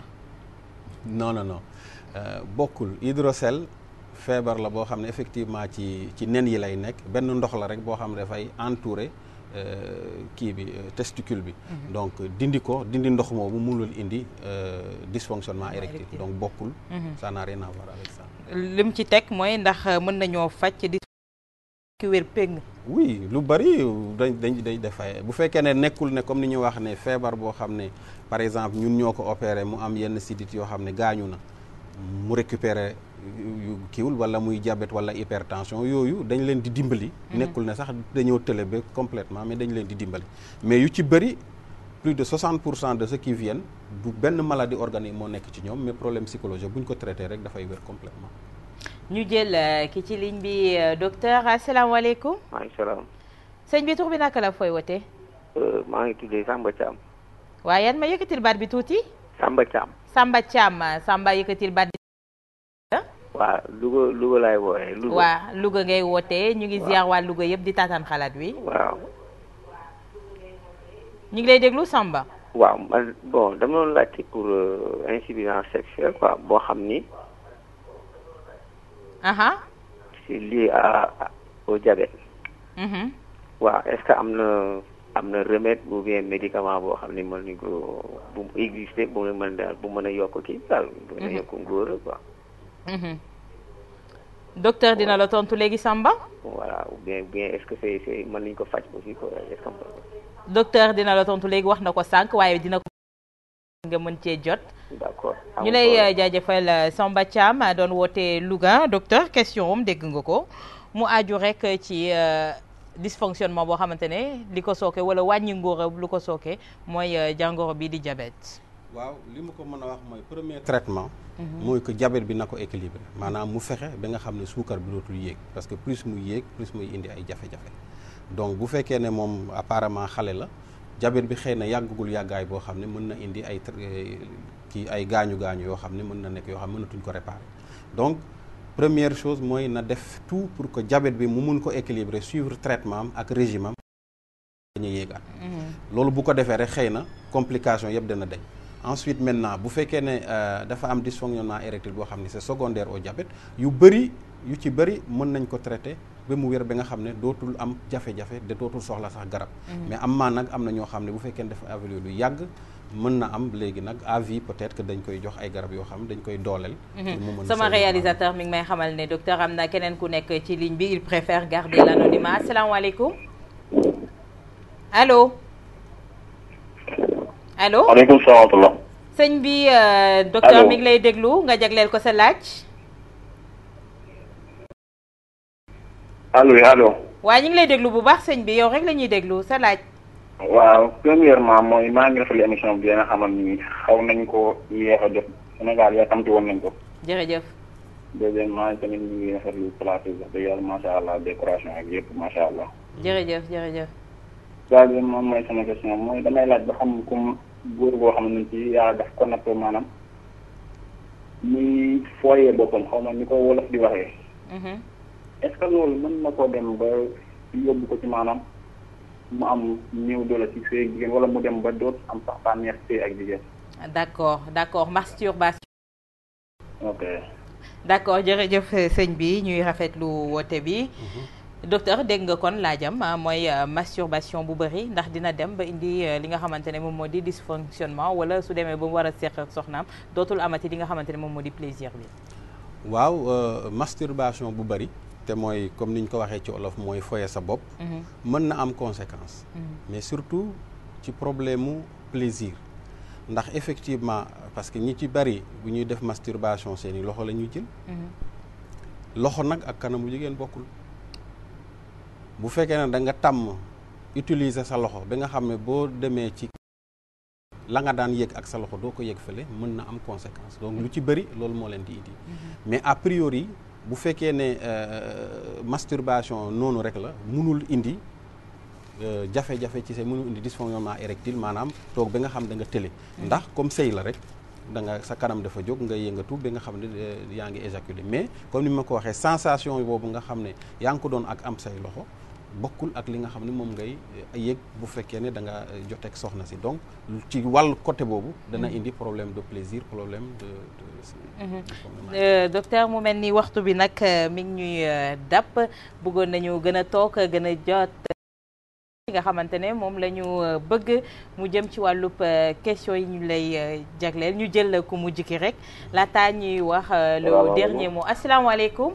Speaker 3: non non non euh, bokkul hydrocèle feebar la boo xam ne effectivement ci ci nen yi lay nekk benn ndox la rek boo xam ne dafay entouré. Euh, kii bi euh, testicule bi. Mhm. donc dindi ko dindi ndox moomu mënul indi euh, dysfonctionnement érectile donc bokkul. Mhm. ça n'a rien à voir
Speaker 2: lim ci teg mooy ndax mën nañoo faj di ki wér péng.
Speaker 3: oui lu bari dañ dañ dañ defay bu fekkee ne nekkul ne comme ni ñu wax ne feebar boo xam ne par exemple ñun ñoo ko opéré mu am yenn sidit yoo xam ne gaañu na mu récupérer yu kiiwul wala muy diabète wala hypertension yooyu dañ leen di dimbali. Mhm. nekkul ne sax dañoo tële ba complètement mais dañ leen di dimbali mais yu ci bëri. plus de 60 pour cent de ceux du benn maladie organique moo nekk ci ñoom mais problème psychologique bu ñu ko traité rek dafay wér complètement
Speaker 2: ñu jël euh, ki ci ligne bi euh, docteur asalaamaaleykum. maaleykum salaam. bi tur bi naka la fooy wote euh, maa ngi tuddee Samba Thiam. waaye yan ma yëkkatil baat bi tuuti. Samba Thiam. Samba Thiam Samba yëkkatil baat. waaw Louga Louga laay woowee. Louga waaw Louga ngay wootee ñu ngi ziar waa Louga yëpp di taataan xalaat wi. waaw. ñu ngi lay déglu Samba.
Speaker 6: waaw man bon dama doon laajte pour euh, insuffisance sexuelle quoi boo xam ni. c'est lié à au diabète. Mhm. waaw est-ce que am na am na remède ou bien médicament boo xam ni mën nañu ko bu exister bu mën daal bu mën a yokk kii daal. bu mën a mhm. yokk ngóor quoi.
Speaker 2: Mhm. docteur dina la tontu léegi Samba.
Speaker 6: voilà ou bien
Speaker 2: dina la tontu léegi wax na ko sànq waaye dina nga mën cee jot. d'accord ah, ñu lay jaajëfal Samba Thiam doon woote Louga docteur question am dégg nga ko mu aju rek ci euh, dysfonctionnement boo xamante ne li ko sooke wala wàññi ngóora lu ko sooke mooy euh, jàngoro bi di diabète.
Speaker 3: waaw li mu ko mën a wax mooy premier traitement. Mhm. mooy que diabète bi na ko équilibré maanaam mu fexe ba nga xam ne suukar bi dootul yéeg parce que plus muy yéeg plus muy indi ay jafe-jafe donc bu fekkee ne moom apparemment xale la diabète bi xëy na yàggagul yàggaay boo xam ne mën na indi ay kii ay gaañu gaañu yoo xam ne mën na nekk yoo xam ne mënatuñ ko réparer donc première chose mooy na def tout pour que diabète bi mu mun ko équilibrer suivre traitement am ak régime am dañuy mhm. bu ko defee rek xëy na complication yëpp dana dañ ensuite maintenant bu fekkee ne euh, dafa am dysfonctionnement érectile boo xam ne c'est secondaire au diabète yu bëri yu ci bëri mën nañ ko traiter ba mu wér ba nga xam ne dootul am jafe-jafe de dootul soxla sax garab. Mm-hmm. mais am maa nag am na ñoo xam ne bu fekkee ne dafa avelu lu yàgg. mën na am léegi nag à vie peut que dañ koy jox ay garab yoo xam dañ koy dooleel. Mm-hmm. sama réalisateur
Speaker 2: mi ngi may xamal ne docteur am na keneen ku nekk ci ligne bi il préfère garder l'anonymat asalaamaaleykum allo. allo
Speaker 6: maaleykum salaam wa rahmatulah.
Speaker 2: sëñ bi euh, docteur mi ngi lay déglu nga jagleel ko sa laaj. allo allo. waaw ñu ngi lay déglu bu baax sëñ bi yow rek lañuy ñuy déglu sa laaj.
Speaker 6: waaw premièrement mooy maa ngi rafetlu émission bi nga xamal ni xaw nañ ko yéex a jot Sénégal yàkkamti woon nañ ko. jërëjëf. deuxièmement tamit ñu ngi rafetlu plateau bi wax dëgg yàlla macha allah décoration ak yëpp macha allah.
Speaker 2: jërëjëf jërëjëf.
Speaker 6: waaw loolu moom mooy sama question mooy damay laaj ba xam comme góor boo xam ne ci yàlla daf ko maanaam muy fooyee boppam xaw ma ni ko wolof di waxee. Mm-hmm. est loolu mën na koo dem ba yóbbu ko ci maanaam mu am néew doole ci sëy jigéen wala mu dem ba doot am sax bànneex sëy ak jigéen.
Speaker 2: d'accord d'accord masturbation. ok. d'accord jërëjëf sëñ bi ñuy rafetlu woote bi. Mm-hmm. docteur dégg nga kon laajam ah, mooy euh, masturbation bu bëri ndax dina dem ba indi euh, li nga xamante ne moom moo di dysfonctionnement wala su demee ba war a seq ak soxnaam dootul amati li nga xamante ne moom moo di plaisir bi.
Speaker 3: waaw euh, masturbation bu bëri te mooy comme ni ñu ko waxee ci olof mooy foye sa bopp. Mhm. mën na am conséquence. Mhm. mais surtout ci problème mu plaisir. ndax effectivement parce que ñi ci bëri bu ñuy def masturbation seeni loxo lañu ñuy jël. Mhm. loxo nag ak kanamu jigéen bokkul. bu fekkee na da nga tàmm utiliser sa loxo bi nga xam ne boo demee ci la nga daan yëg ak sa loxo doo ko yëg fële mën na am conséquence donc lu ci bëri loolu moo leen di indi mhm. mais a priori bu fekkee ne euh, masturbation noonu rek la mënul indi euh, jafe-jafe ci sa mënul indi dysfonctionnement érectile maanaam toog bi nga xam da nga tële mhm. ndax comme sëy la rek da nga sa kanam dafa jóg nga yëngatu bi nga xam ne euh, yaa ngi éjaculer mais comme ni ma ko waxee sensation boobu nga xam ne yaa ngi ko doon ak am say loxo bokkul ak li nga xam ne moom ngay yëg bu fekkee ne da nga joteeg soxna si donc ci wàll côté boobu dana mm-hmm. indi problème de plaisir problème de de
Speaker 2: mm-hmm. euh, docteur mu mel ni waxtu bi nag euh, mi ngi ñuy euh, dàpp bëggoon nañu gën a toog gën a jot nga xamante ne moom la ñu bëgg mu jëm ci wàllub question yi ñu lay jagleel ñu jël ko mu jikki rek laataa ñuy wax le dernier mot asalaamaaleykum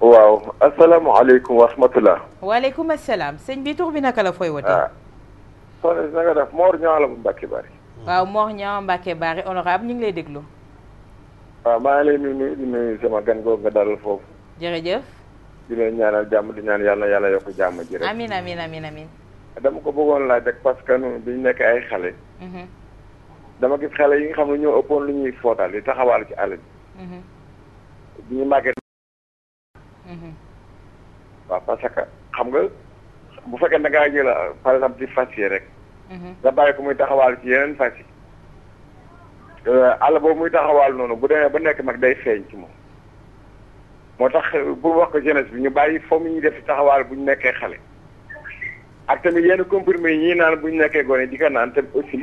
Speaker 6: waaw asalaamaaleykum wa rahmatulah.
Speaker 2: waaleykum asalaam sëñ bi tur bi naka la fooy wootee. ah soxna
Speaker 6: si nga def Mor a la bu Mbacke Bari.
Speaker 2: waaw Mor Niang Mbacke Bari honorable ñu ngi lay déglu.
Speaker 6: waaw ah, maa ngi lay nuyu di nuyu sama gan googu nga dalal foofu. jërëjëf. di leen ñaanal jàmm di ñaan yàlla yàlla yokk jàmm ji rek.
Speaker 2: amiin amiin amiin
Speaker 6: dama ko bëggoon laaj rek parce que ñun bi nekk ay xale. Mhm. dama gis xale yi nga xam ne ñoo ëppoon lu ñuy footal di taxawaal Mm-hmm. waaw parce que xam nga bu fekkee da ngaa jël par exemple ci fas yi rek. Mm-hmm. nga bàyyi ko muy taxawaal ci yeneen fas yi. Euh, boobu muy taxawaal noonu bu demee ba nekk mag day feeñ ci moom. moo tax euh, bu wax ko jeunesse bi ñu bàyyi foofu ñuy def taxawaal bu ñu nekkee xale. ak tamit yenn comprimés yi ñuy naan bu ñu nekkee gone di naan te aussi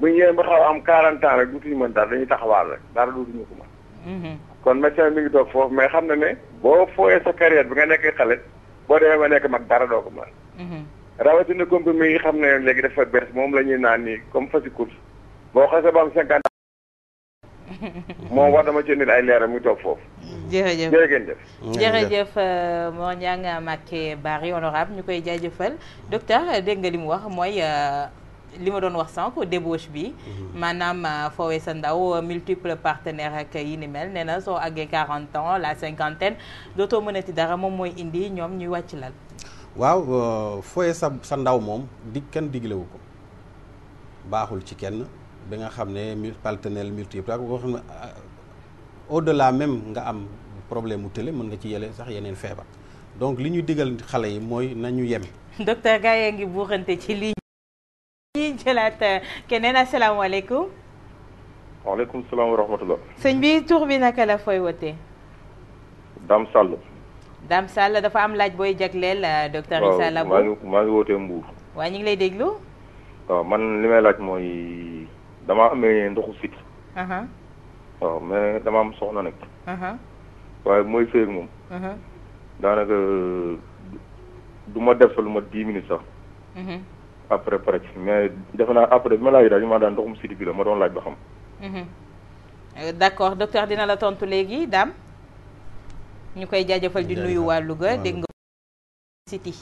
Speaker 6: bu ñu ba xaw am 40 ans rek dutuñu mën dara dañuy taxawaal rek dara dutuñu ko mën. Mm-hmm. kon médecin mi ngi toog mais xam na ne. boo fooyee sa carrière bi nga nekk xale boo demee ba nekk mag dara doo ko mën. Mhm. rawatina comprimé yi xam ne léegi dafa bees moom la ñuy naan nii comme fasikour boo xasee ba am cinquante (laughs) moom wax dama ci nit ay leeram muy toog foofu. jërëjëf jërëjëf jërëjëf
Speaker 2: euh, moo ñaa nga Mbacké Barry honorable ñu koy jaajëfal docteur dégg nga li mu wax mooy. Euh, li ma doon wax sànq débauche bi mhm. maanaam euh, foowee sa ndaw euh, multiple partenaire ak euh, yi ni mel nee na soo àggee quarante ans la cinquantaine dootoo mënati dara moom mooy indi ñoom ñuy wàcc lal
Speaker 3: waaw foowee sa sa ndaw moom dig kenn diglewu ko baaxul ci kenn bi nga xam ne mil partenaire multiple ak boo xam ne au delà même nga am problème mu tële mën nga ci yele sax yeneen feebar donc li ñu digal xale yi mooy na ñu yem
Speaker 2: (laughs) docteur Gaye ngi buuxante ci lii ñuy jëlaat keneen asalaamaaleykum.
Speaker 6: waaleykum salaam wa rahmatulah.
Speaker 2: sëñ bi tur bi naka la fooy wootee. Dame Sall. Dame dafa am laaj booy jagleel euh, docteur Issa Labo. waaw maa
Speaker 6: ngi maa ngi wootee ñu
Speaker 2: ngi lay déglu.
Speaker 6: waaw man li may laaj mooy damaa amee ndoxu sikk. waaw mais dama am soxna nag. waaye mooy sëy moom. daanaka du ma def sa lu ma dix minutes sax. Mhm. après pare mais defe naa après bi ma laaj daal ñu ma daan ndoxum siti bi la ma doon laaj ba xam.
Speaker 2: Mhm. Euh, d'accord dina la tontu léegi daam koy jaajëfal di nuyu waa Louga dégg nga siti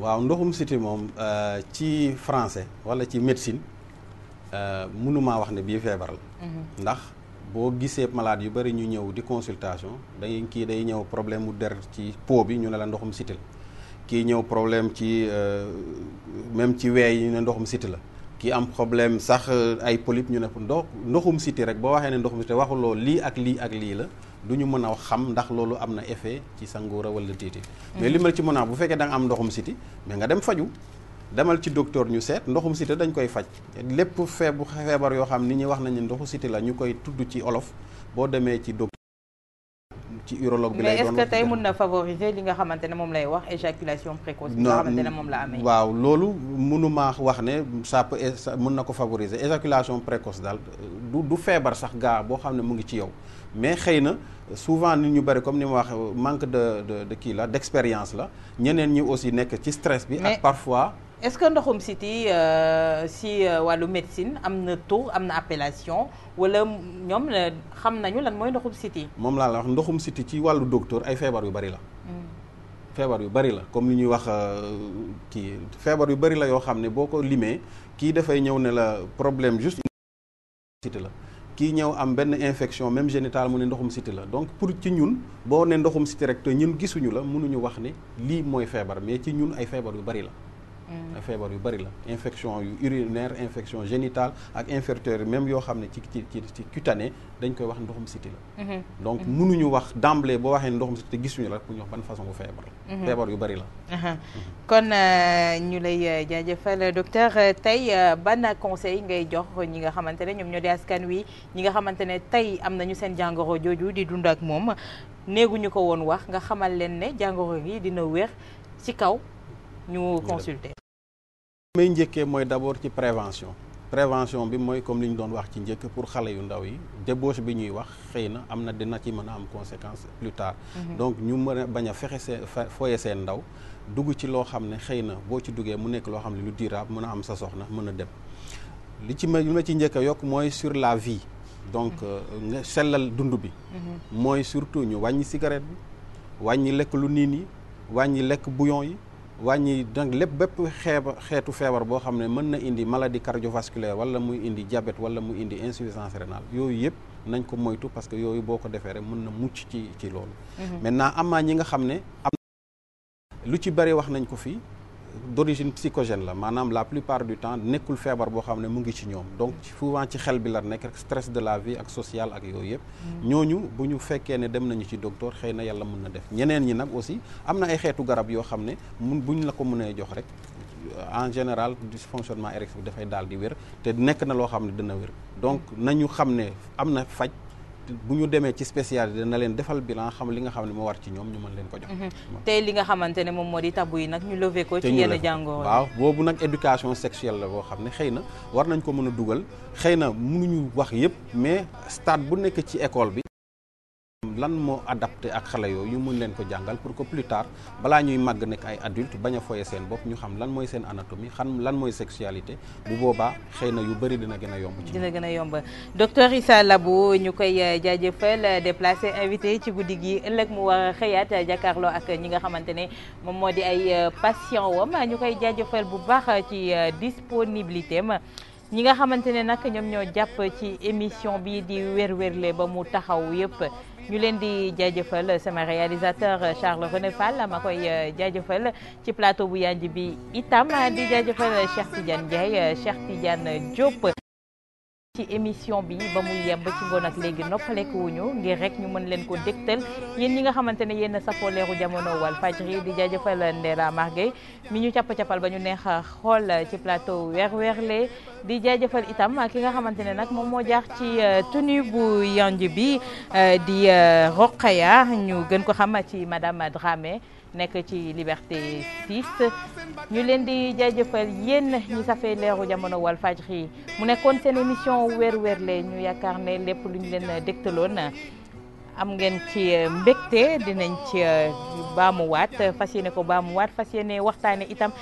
Speaker 3: waaw ndoxum siti moom euh, ci français wala ci médecine euh, mënumaa wax ne bii feebar la mhm. ndax boo gisee malade yu bari ñu ñëw di consultation dañuy kii day ñëw problème bu der ci peau bi ñu ne la ndoxum siti la kii ñëw problème ci euh, même ci weey ñu ne ndoxum siti la kii am problème sax euh, ay polype ñu ne ndox ndoxum siti rek boo waxee ne ndoxum siti waxuloo lii ak lii ak lii la du ñu mën a xam ndax loolu am na effet ci sa ngóora wala déedéet mm-hmm. mais li ma ci mën a bu fekkee da am ndoxum siti mais nga dem faju demal ci docteur ñu seet ndoxum siti dañ koy faj lépp feebu feebar yoo xam ni ñi wax nañu ndoxu siti la ñu koy tudd ci olof boo demee ci docteur ci urologue bi lay doon mais tey mun
Speaker 2: na favoriser li nga xamante ne moom lay wax éjaculation précoce. bi nga xamante ne mm, moom la amee.
Speaker 3: waaw loolu mënuma wax ne ça peut mun na ko favoriser éjaculation précoce daal du du feebar sax gaa boo xam ne mu ngi ci yow mais xëy na souvent nit ñu bëri comme ni ma wax manque de de de kii la d'expérience la ñeneen ñi aussi nekk ci stress bi. ak parfois.
Speaker 2: est-ce que ndoxum siti euh, si euh, wàllu médecine am na tur am na appellation wala ñoom xam nañu lan mooy ndoxum siti
Speaker 3: moom laa la wax ndoxum siti ci wàllu docteur ay feebar yu bari la hmm. feebar yu bari la comme li ñuy wax euh, kii feebar yu bari la yoo xam ne boo ko limee kii dafay ñëw ne la problème juste la kii ñëw am benn infection même génitale mu ne ndoxum siti la donc pour ci ñun boo ne ndoxum siti rek te ñun gisuñu la mënuñu wax ni lii mooy feebar mais ci ñun ay feebar yu bari la Mm. feebar yu bari la infection yu urinaire infection génitale ak infecteur même yoo xam ne ci ci ci ci cutané dañ koy wax ndoxum siti la mm-hmm. donc mënuñu mm-hmm. wax d'emblée boo waxee ndoxum siti te gisuñu la rek bu ñu wax ban façon bu feebar la mm-hmm. feebar yu bari la
Speaker 2: uh-huh. kon euh, ñu lay euh, jaajëfal docteur euh, tey ban conseil ngay jox ñi nga xamante ne ñoom ñoo di askan wi ñi nga xamante ne tey am nañu seen jàngoro jooju di dund ak moom néeguñu ko woon wax nga xamal leen ne jàngoro gi dina wér ci kaw ñu consulter.
Speaker 3: may njëkkee mooy d'abord ci prévention prévention bi mooy comme li ñu doon wax ci njëkk pour xale yu ndaw yi débauche bi ñuy wax xëy na am na dina ci mën a am conséquence plus tard. Mhm. donc ñu mën a bañ a fexe seen foye seen ndaw dugg ci loo xam ne xëy na boo ci duggee mu nekk loo xam ne lu durable mën a am sa soxna mën a dem. li ci ma li ma ci njëkk a yokk mooy sur la vie. donc mhm. euh, nga sellal dund bi. Mhm. mooy surtout ñu wàññi cigarette bi wàññi lekk lu niin yi wàññi lekk bouillon yi. wàññi donc lépp bépp xeeba xeetu feebar boo xam ne mën na indi maladie cardiovasculaire wala muy indi diabète wala mu indi insuffisance rénale yooyu yëpp nañ ko moytu parce que yooyu boo ko defee rek mën na mucc ci ci loolu mhm. maintenant am na ñi nga xam ne am lu ci bari wax nañ ko fii d'origine psychogène la maanaam la plupart du temps nekkul feebar boo xam ne mu ngi ci ñoom donc souvent ci xel bi la nekk stress de la vie ak social ak yooyu yëpp mm. ñooñu bu ñu fekkee ne dem nañu ci docteur xëy na yàlla mën na def ñeneen ñi nag aussi am na ay xeetu garab yoo xam ne mun buñ la ko mënee jox rek euh, en général dysfonctionnement érectile bi dafay daal di wér te nekk na loo xam ne dina wér donc nañu xam ne am na faj bu ñu demee ci spécialité dina leen defal bilan xam li nga xam ne moo war ci ñoom ñu mën leen ko
Speaker 2: jox. Mhm. te li nga xamante ne moom moo di tabu yi nag ñu lever ko. ci yenn jàngoro waaw
Speaker 3: boobu nag éducation sexuelle la boo xam ne xëy na war nañ ko mën a dugal xëy na mënuñu wax yëpp mais stade bu nekk ci école bi. lan moo adapté ak xale yooyu mun leen ko jàngal pour que plus tard balaa ñuy màgg nekk ay adulte bañ a foye seen bopp ñu xam lan mooy seen anatomie xam lan mooy sexualité bu booba xëy na yu bëri dina gën a yomb
Speaker 2: ci dina gën a yomb docteur Issa Labo ñu koy euh, jaajëfal euh, déplacé invité ci guddi gi ëllëg mu war a xëyaat euh, jàkkaarloo ak ñi nga xamante ne moom moo di ay patient wam ñu koy jaajëfal bu baax ci disponibilité ma ñi nga xamante ne nag ñoom ñoo jàpp ci émission bi di wér-wérle ba mu taxaw yëpp ñu leen di jaajëfal sama réalisateur Charles René Fall ma koy euh, jaajëfal ci plateau bu yanj bi itam di jaajëfal Cheikh Tidiane Ndiaye euh, Cheikh Tidiane Diop ci émission bi ba mu yem ba ci ngoon ak léegi noppaleku wuñu ngir rek ñu mën leen ko dégtal yéen ñi nga xamante ne yéen a safoo leeru jamono wal fajri di jaajëfal Ndella Marguey mi ñu cappa-cappal ba ñu neex xool ci plateau weer weerle di jaajëfal itam ki nga xamante ne nag moom moo jaar ci euh, tenue bu yanj bi euh, di euh, Rokhaya ñu gën ko xam ci madame Dramé nekk ci Liberté 6 ñu leen di jaajëfal yéen ñi safee leeru jamono Walfadjri mu nekkoon seen émission weer weer le ñu yaakaar ne lépp lu ñu leen dégtaloon am ngeen ci euh, mbégte dinañ ci euh, baamuwaat fas yéene ko baamuwaat fas yéene waxtaane itam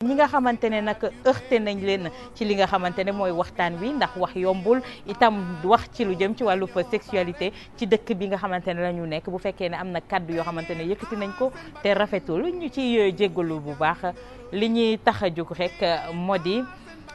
Speaker 2: ñi nga xamante ne nag heurté nañ leen ci li nga xamante ne mooy waxtaan wi ndax wax yombul itam wax ci lu jëm ci wàllu sexualité ci dëkk bi nga xamante ne la nekk bu fekkee ne am na kàddu yoo xamante ne yëkkati nañ ko te rafetul ñu ci jéggalu bu baax li ñuy tax a jóg rek moo di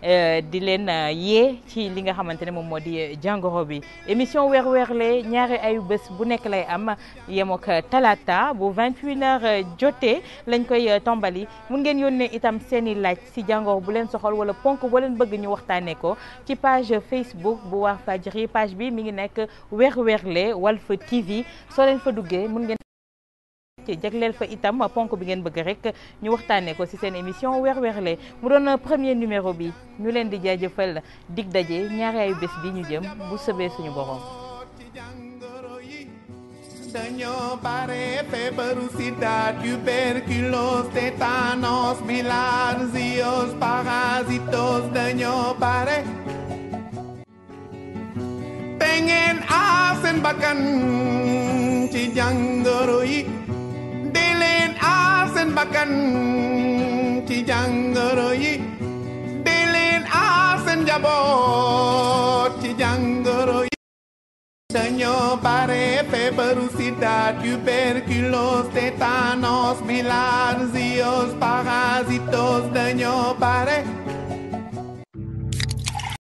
Speaker 2: Euh, di leen euh, yee ci li nga xamante ne moom moo di euh, jàngoro bi émission weer weerle ñaari ay bés bu nekk lay am yem ak talaata bu vingt 28h jotee lañ koy tombali mun ngeen yónnee itam seen i laaj si jàngoro bu leen soxal wala ponk boo leen bëgg ñu waxtaanee ko ci page Facebook bu Walfadjri page bi mi ngi nekk weer weerle Walf TV soo leen fa duggee mun ngeen. jagleel fa itam ponk bi ngeen bëgg rek ñu waxtaanee ko ci seen émission weer weerle mu doon premier numéro bi ñu leen di jaajëfal dig daje ñaari ay bés bi ñu jëm bu sëbee suñu borom.
Speaker 1: dañoo bare feebaru sida tuberculose tétanos bilharziose parasitose dañoo bare te ngeen aar ci jàngoro yi di leen aar ci jàngoro yi di leen aar ci jàngoro yi dañoo bare feebaru sida tuberculose tétanos bilharziose parasitos dañoo bare